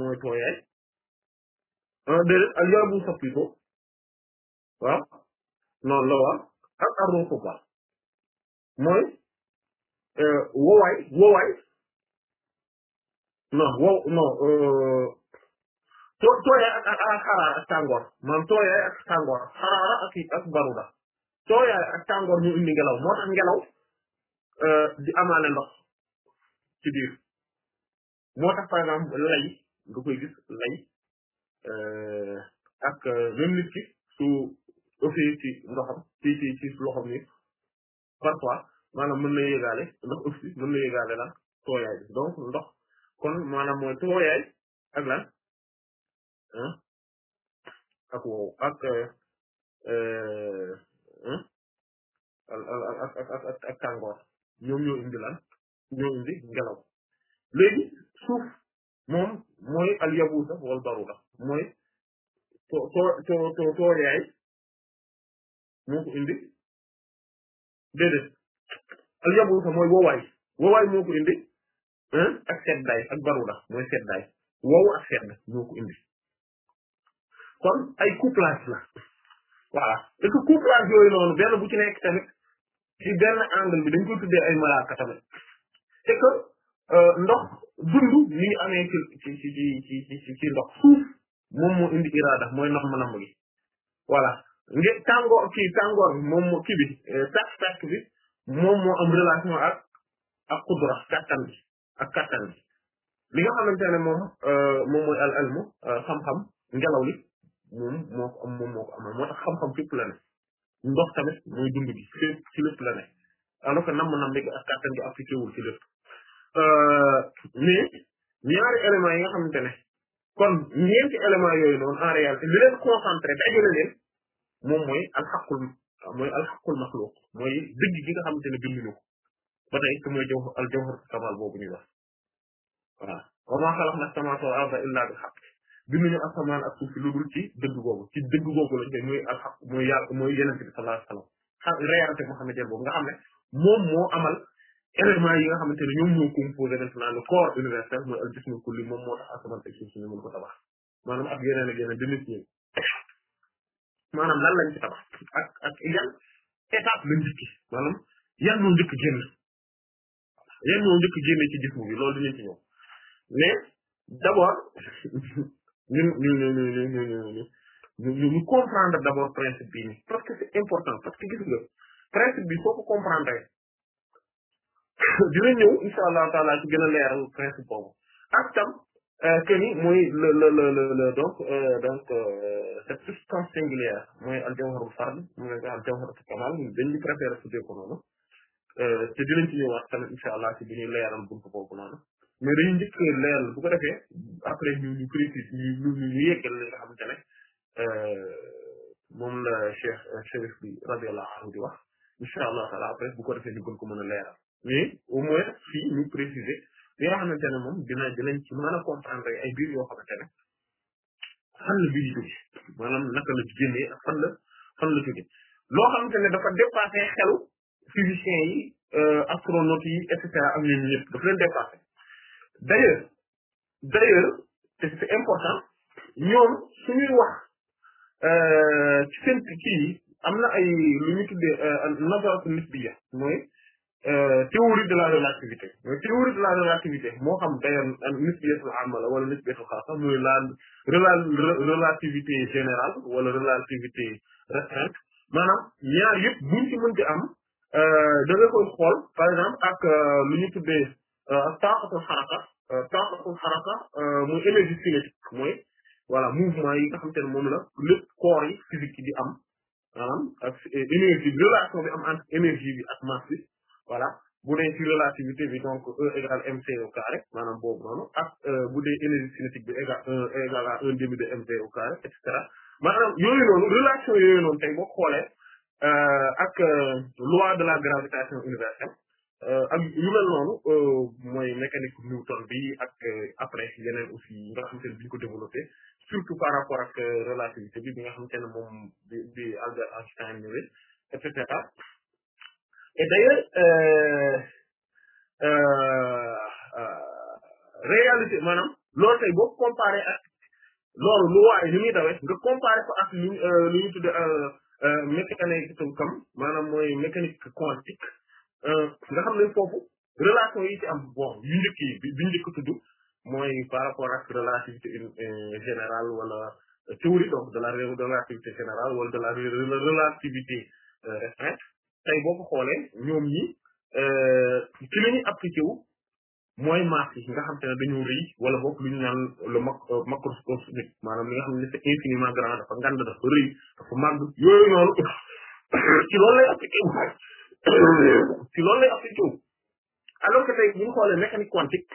mooy tooyaay déedéet ak yarabu soppi ko waaw noonu la wax ak arruquba mooy euh, wowaay wowaay non wow non euh, too tooyaay ak ak ak xaraara ak tàngoor maanaam tooyaay ak tàngoor xaraara ak ak baruda tooyaay ak tàngoor ñu indi ngelaw moo tax ngelaw euh, di amaale ndox ci moo tax par lay nga koy gis lay ak même nit ki su fii ci ndoxam fii ci ci loxom ni parfois maanaam mën na yégaale ndox aussi mën na yégaale la tooyaay donc ndox kon maanaam mooy tooyaay ak lan ak wow euh, euh, ak ak ak ak ak tàngoor ñoom ñoo indi lan ñoo indi ngelaw léegi suuf moom mooy al yabusa wal baruda mooy to to to tooyaay moo ko indi déedéet al yabusa mooy woowaay woowaay moo ko indi ak seddaay ak baruda mooy seddaay woowu ak sedd ñoo indi kon ay couplage la voilà et couplage yooyu noonu benn bu ci nekk tamit angle bi dañ koy tuddee ay malaaka tamit c'est que euh, ndox dund mi ngi amee ci ci ci ci ci ci ndox indi irada mooy namm namm gi voilà nga tàngoor kii tàngoor bi moom moo kii bi tàkk eh, tàkk bi moom moo am relation ak ak qudra kattan bi ak kattan bi nga xamante ne moom eh, moom mooy al almu eh, xam-xam ngelaw li moom moo ko am moom moo tax xam-xam fépp la ndox tamit mooy dund bi fépp ci lépp la ne alors que namm-nam bi ak kattan bi appliqué wul ci lépp mais ñaari éléments yi nga xamante ne kon ñeenti éléments yooyu noonu en réalité li leen concentré dajale leen moom mooy alxaqul mooy mooy dëgg gi nga xamante ne binduñu ko ba mooy jaww al jawhar kamal boobu ñuy wax voilà wa maa xalaqna samaawaati wal arda illaa bil haqq binduñu asamaan ak suuf si lu dul ci dëgg mooy alxaq mooy yàlla mooy yonent bi sallallahu alayhi wasallam xam nga xam moom moo amal éléments yi nga xamante ne ñoom ñoo composé maintenant le corps universel moom moo tax asamaan ak suuf ko tabax maanaam lan lañ ci tabax ak ak yan étape lañ njëkk maanaam yan moo njëkk génn yan moo njëkk génn ci jëf bi loolu dinañ ci ñëw mais d'abord ñu ñu ñu ñu ñu ñu ñu ñu comprendre d'abord principe bi nii parce que c'est important parce que gis nga principe bi soo ko comprendre dina ñëw incha allah taala ci gën a leeral principe boobu ak tam Euh, que ni mooy le le le le donc euh, donc euh, cette substance singulière mooy al jawharul fard mooy al jawharul kamal dañuy préféré tuddee ko noonu te dinañ ci ñëwaat tamit incha allah ci bi ñuy buntu boobu noonu mais dañuy njëkk leeral bu ko defee après ñu ñu critique ñu ñu ñu yeggal li nga xamante ne moom la cheikh chérif bi radiyallahu anhu di wax incha allah taala après bu ko defee ñu gën ko mën a mais au moins fii ñu préciser. bi nga xamante ne moom dina dinañ ci mën a comprendre ay biir yoo xamante ne fan la biir yi jóge loo xamante ne dafa dépassé xelu physiciens yi euh, astronautes yi et am nañu ñëpp dafa leen dépassé d'ailleurs d'ailleurs c'est important ñoom suñuy wax euh, ci seen kii am na ay lu ñu tuddee euh, nazaratu nisbiya mooy Euh, théorie de la relativité théorie de la relativité moo xam dayoon nisbiyatul amma la wala nisbiyatul xaasa muy la relativité générale wala relativité restreinte maanaam ñaar yëpp buñ ci am euh, da nga koy xool par exemple ak euh, lu ñu tuddee taaxatul xaraka taaxatul xaraka muy énergie cinétique mooy voilà mouvement yi nga xam te ne moom la lépp corps yi yi di am maanaam énergie relation bi am entre énergie bi ak masse voilà bu dee relativité bi donc E égale mc au carré maanaam boobu noonu ak euh, bu dee énergie cinétique bi égal un égal un demi de mc au carré et cetera maanaam yooyu noonu relation yooyu noonu tey boo xoolee euh, ak euh, loi de la gravitation universelle ak yu noonu mooy mécanique Newton bi ak après yeneen aussi nga xam te ne bi développé surtout par rapport ak relativité bi bi nga xam te ne bi bi Albert Einstein ñëwee et Et d'ailleurs, euh, euh, eh, eh, réalité maanaam loolu tey boo comparé ak loolu lu waay ni muy dawee nga comparé ko ak lu eh, lu ñu tudde mécanique comme maanaam mooy mécanique quantique nga xam ne foofu relation yi ci am bon yu njëkk yi bi njëkk tudd mooy par rapport ak relativité générale wala théorie donc de la relativité générale wala de la relativité euh, restreinte tey boo ko xoolee ñoom ñi euh, ci la appliqué wu mooy masse yi nga xam te ne dañoo rëy wala boog lu ñu naan le euh, macroscopique maanaam li nga xam ne c'est infiniment grand dafa ngand dafa rëy dafa màgg yooyu noonu ci loolu lay appliqué wu ci loolu lay appliqué wu alors que tey bu ñu mécanique quantique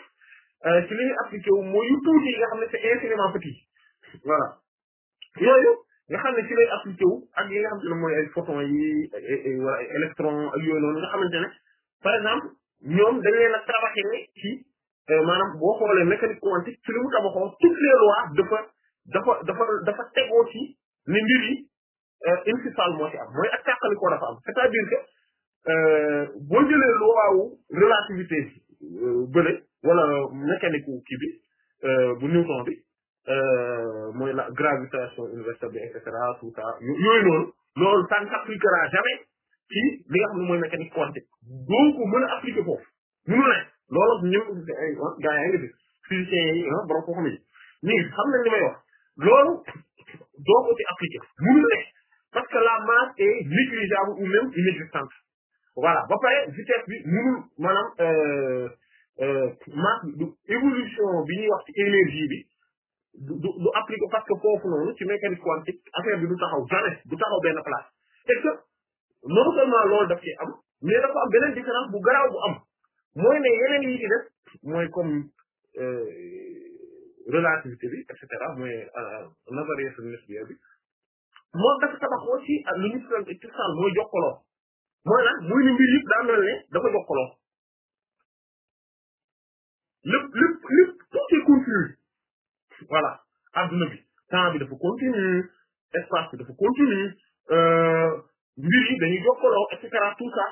euh, ci li ñuy appliqué wu mooy yu tuuti nga xam ne c'est infiniment petit voilà yooyu nga xam ne ci lay appliqué wu ak yi nga xam ne mooy ay photon yi wala ay électron ak nga xamante ne par exemple ñoom dañ leen a travaillé ne ci euh, maanaam boo xoolee mécanique quantique ci li mu tabaxoo toutes les lois dafa dafa dafa dafa tegoo ci ne mbir yi euh, infisal moo am mooy ak tàqali koo dafa am c'est-à-dire que euh, boo jëlee loi wu relativité bële wala mécanique ki kii bi bu Newton bi Euh, mooy la gravitation universelle bi et tout ça yooyu noonu loolu ça ne jamais ci li nga xam mooy mécanique quantique doo ko mën a foofu munu ne loolu ñoom ah, gaa yaa ngi fi ah, koo xam ne nii xam nañ li may wax loolu doo ko ci appliquer munu ne parce que la masse est négligeable ou même inexistante voilà ba pare vitesse bi munul maanaam euh, euh, masse évolution bi ñuy wax ci énergie bi du du appliqué parce foofu noonu ci mécanique quantique affaire bi du taxaw jamais du taxaw benn place et que non seulement loolu daf ci am mais dafa am beneen différence bu garaaw bu am mooy ne yeneen yi ci mooy comme euh, relativité bi et cetera mooy nazariya euh, nisbiya bi moom dafa tabaxoo ah, ci mooy jokkaloo mooy lan muy ni mbir yëpp daa mel ne dafa jokkaloo lépp lépp voilà adduna bi temps bi dafa continue espace bi dafa continue euh, mbir yi dañuy jokkaloo et cetera tout ça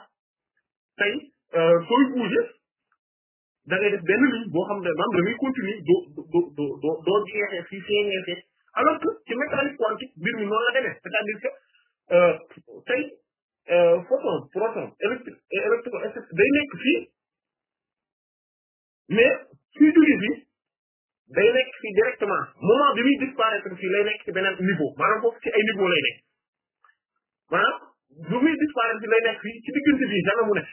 tey euh, sooy bouger da ngay def benn ligne boo xam ne maanaam da ngay continuer doo doo doo doo jeexee fii feeñeefee alors que ci mécanique quantique mbir mi noonu la demee c'est-à-dire que euh, tey photon proton électrique électron day nekk fii mais suy jóge fii day nekk fii directement moment bi muy disparaître fii lay nekk ci beneen niveau maanaam foofu ci ay niveau lay nekk maanaam bu muy disparaître fii lay nekk fii ci diggante bi jamais mu nekk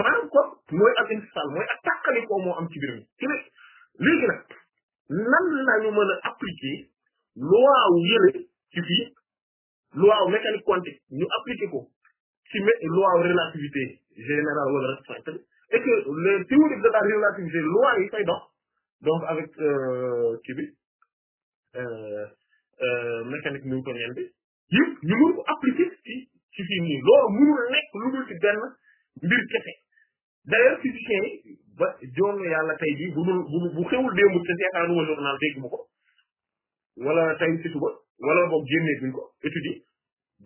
maanaam kon mooy ak instal mooy ak moo am ci biir mi ci nekk nag nan lañu mën a appliquer loi wu yële ci fii loi wu mécanique quantique ñu appliquer ko ci loi wu relativité générale wala respecté et que les théories de la relativité loi yi fay dox donc avec euh, kii bi euh, euh, mécanique newtonienne bi yëpp ñu mën ko appliquer ci ci fii nii loolu nekk lu dul ci benn mbir kese d'ailleurs physiciens yi ba joon yàlla tey jii bu dul bu xewul démb te seetaanuma journal dégg ko wala tey ci suba wala boog génnee buñ ko étudier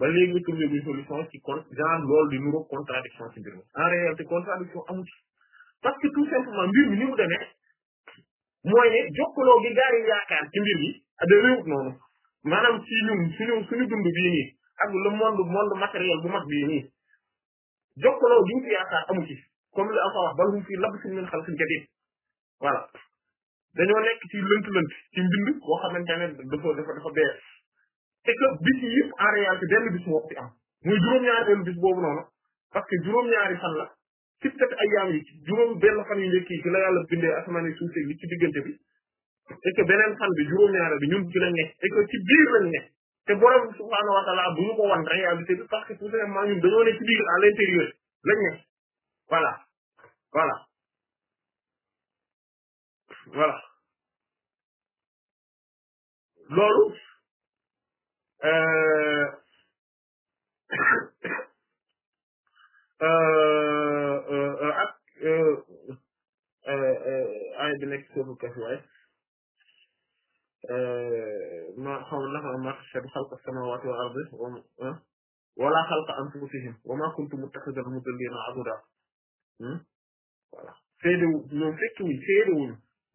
ba léegi trouver buñ solution ci genre loolu di nuroo contradiction ci mbir mi en réalité contradiction amul parce que tout simplement mbir mi ni mu mooy ne jokkaloo gi gaari yaakaar ci mbir yi da noonu maanaam ci ñun suñu suñu dund bii nii ak le monde monde matériel bu mag bii nii jokkaloo gi ñu fi yaakaar amu ci comme li Alfa wax bal hum fii labsin min xalqin jadiid voilà dañoo nekk ci lënt-lënt ci mbind boo xamante ne dafa dafa dafa bees c'est que yi yëpp en réalité benn bis moo fi am muy juróom juróom-ñaari fan la sittat ayyaam yi juróom benn fan yu njëkk yi ci la yàlla bindee asamaan suuf si li ci diggante bi et beneen fan bi juróom-ñaara bi ñun ci la nekk et que ci biir lañ nekk te borom subhaanahu wa bi parce que tout simplement ñun dañoo ne ci biir à l'intérieur lañ nekk voilà voilà euh, Euh, euh, euh, ak ay bi nekk sóobu kaf waaye ma xaw ma naka ma ashhadu xalqa samaawaati wal ardi ah, wala xalqa anfusihim wa ma kuntu muttaxidal mudillina aduda hmm, voilà seede wu ñoom fekk wuñ seede wuñ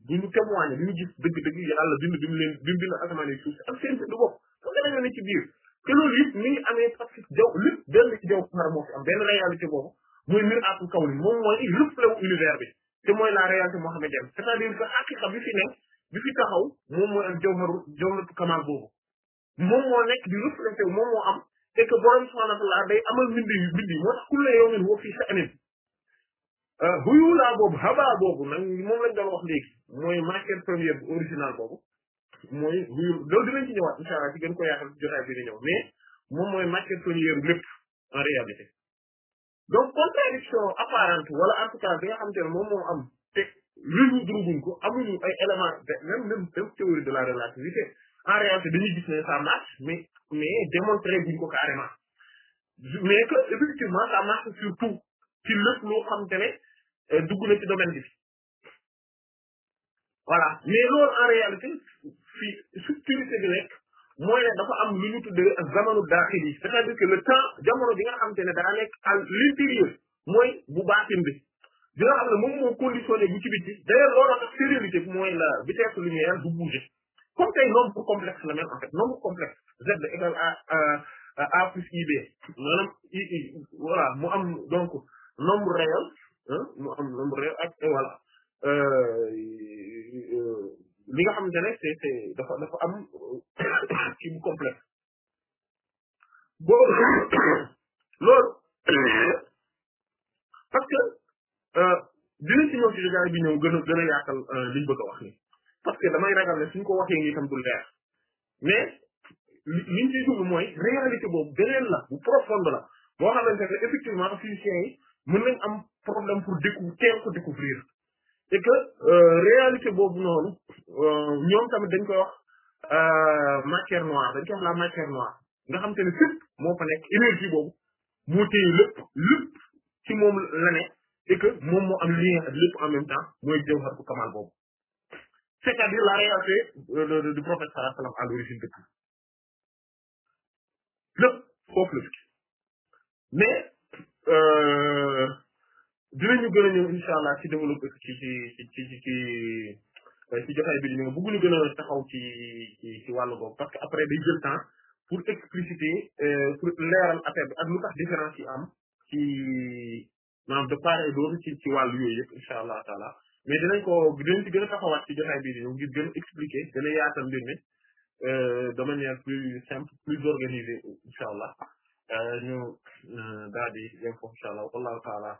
bu ñu témoigné bu ñu gis dëgg-dëgg yàlla bind bi mu leen bind asamaan yi suuf si ak seen dund bopp foog nga ne ci biir. te loolu yëpp mi ngi amee parce que jaw lépp benn ci jaw xar moo fi am benn réalité boobu mooy mbir atul kaw ni moom mooy lépp univers bi te mooy la réalité mohamédienne c'est-à-dire que haqiqa bi fi nekk bi fi taxaw moom mooy am jawharu jawharatu kamal boobu moom moo nekk di reflété moom moo am et borom subhanahu wa ta'ala day amal mbindi yu moo tax kullu yawmin huwa fii sha'nin huyulaa ah boobu habaa boobu moom lañ doon wax léegi mooy matière première original boobu mooy ruyul loolu ci ñëwaat incha allah ci gën ko yaatal ci jotaay bi di mais moom mooy matière première lépp en réalité donc contradiction apparente wala en tout bi nga xam te ne moom moo am te lu ñu ko amuñu ay éléments même même théorie de la relativité en réalité dañuy gis ne ça marche mais mais démontrer buñ ko carrément mais que effectivement ça marche surtout ci lépp loo xam te ne euh, dugg na ci domaine bi voilà mais loolu en réalité fii subtilité bi nekk mooy ne dafa am lu ñu tuddee ak zamanu c'est-à-dire que le temps jamono bi xam te ne daa à l'intérieur mooy bu baatin bi bi xam ne moom moo conditionné bu ci biti d'ailleurs loolu tax célérité bi mooy la vitesse lumière du bouger comme tey nombre complexe la mel en fait nombre complexe z égale à a plus ib maanaam i voilà mu am donc nombre réel mu am nombre réel ak voilà euh, Euh, li nga xamante ne c'est c'est dafa dafa am ci bu complexe bo loolu parce que euh, dina ci ñëw ci jogaay bi ñëw gën a gën a yaatal euh, liñ bëgg a wax ni parce que damay ragal ne suñ ko waxee ngi tam du leer mais liñ ciy dugg mooy réalité boobu beneen la bu profonde la boo xamante ne effectivement physiciens yi mën nañ am problème pour découvrir et euh, réalité boobu noonu euh, ñoom tamit dañ koy wax euh, matière noire dañ koy wax matière noire nga xam te ne moo fa nekk énergie boobu moo téye lépp lépp ci moom la ne et que moom moo am lien ak en même temps mooy jawhar bu kamal boobu c'est-à-dire la réalité du prophète sallallahu alayhi à l'origine de tout lépp foofu la mais dinañu gën a ñëw incha allah ci développé ci ci ci ci ci ci euh, jotaay bi ñu bëgguñu gën a taxaw ci ci ci wàllu boobu parce que après day jël temps pour expliciter euh, pour leeral a bi ak lu tax différence yi am ci maanaam de part et ci ci wàllu yooyu yëpp incha allah mais dinañ ko dinañ ci gën a taxawaat ci jotaay bi di ñëw ngir gën expliquer gën a yaatal mbir euh, de manière plus simple plus organisée incha allah ñu daal di yem foofu incha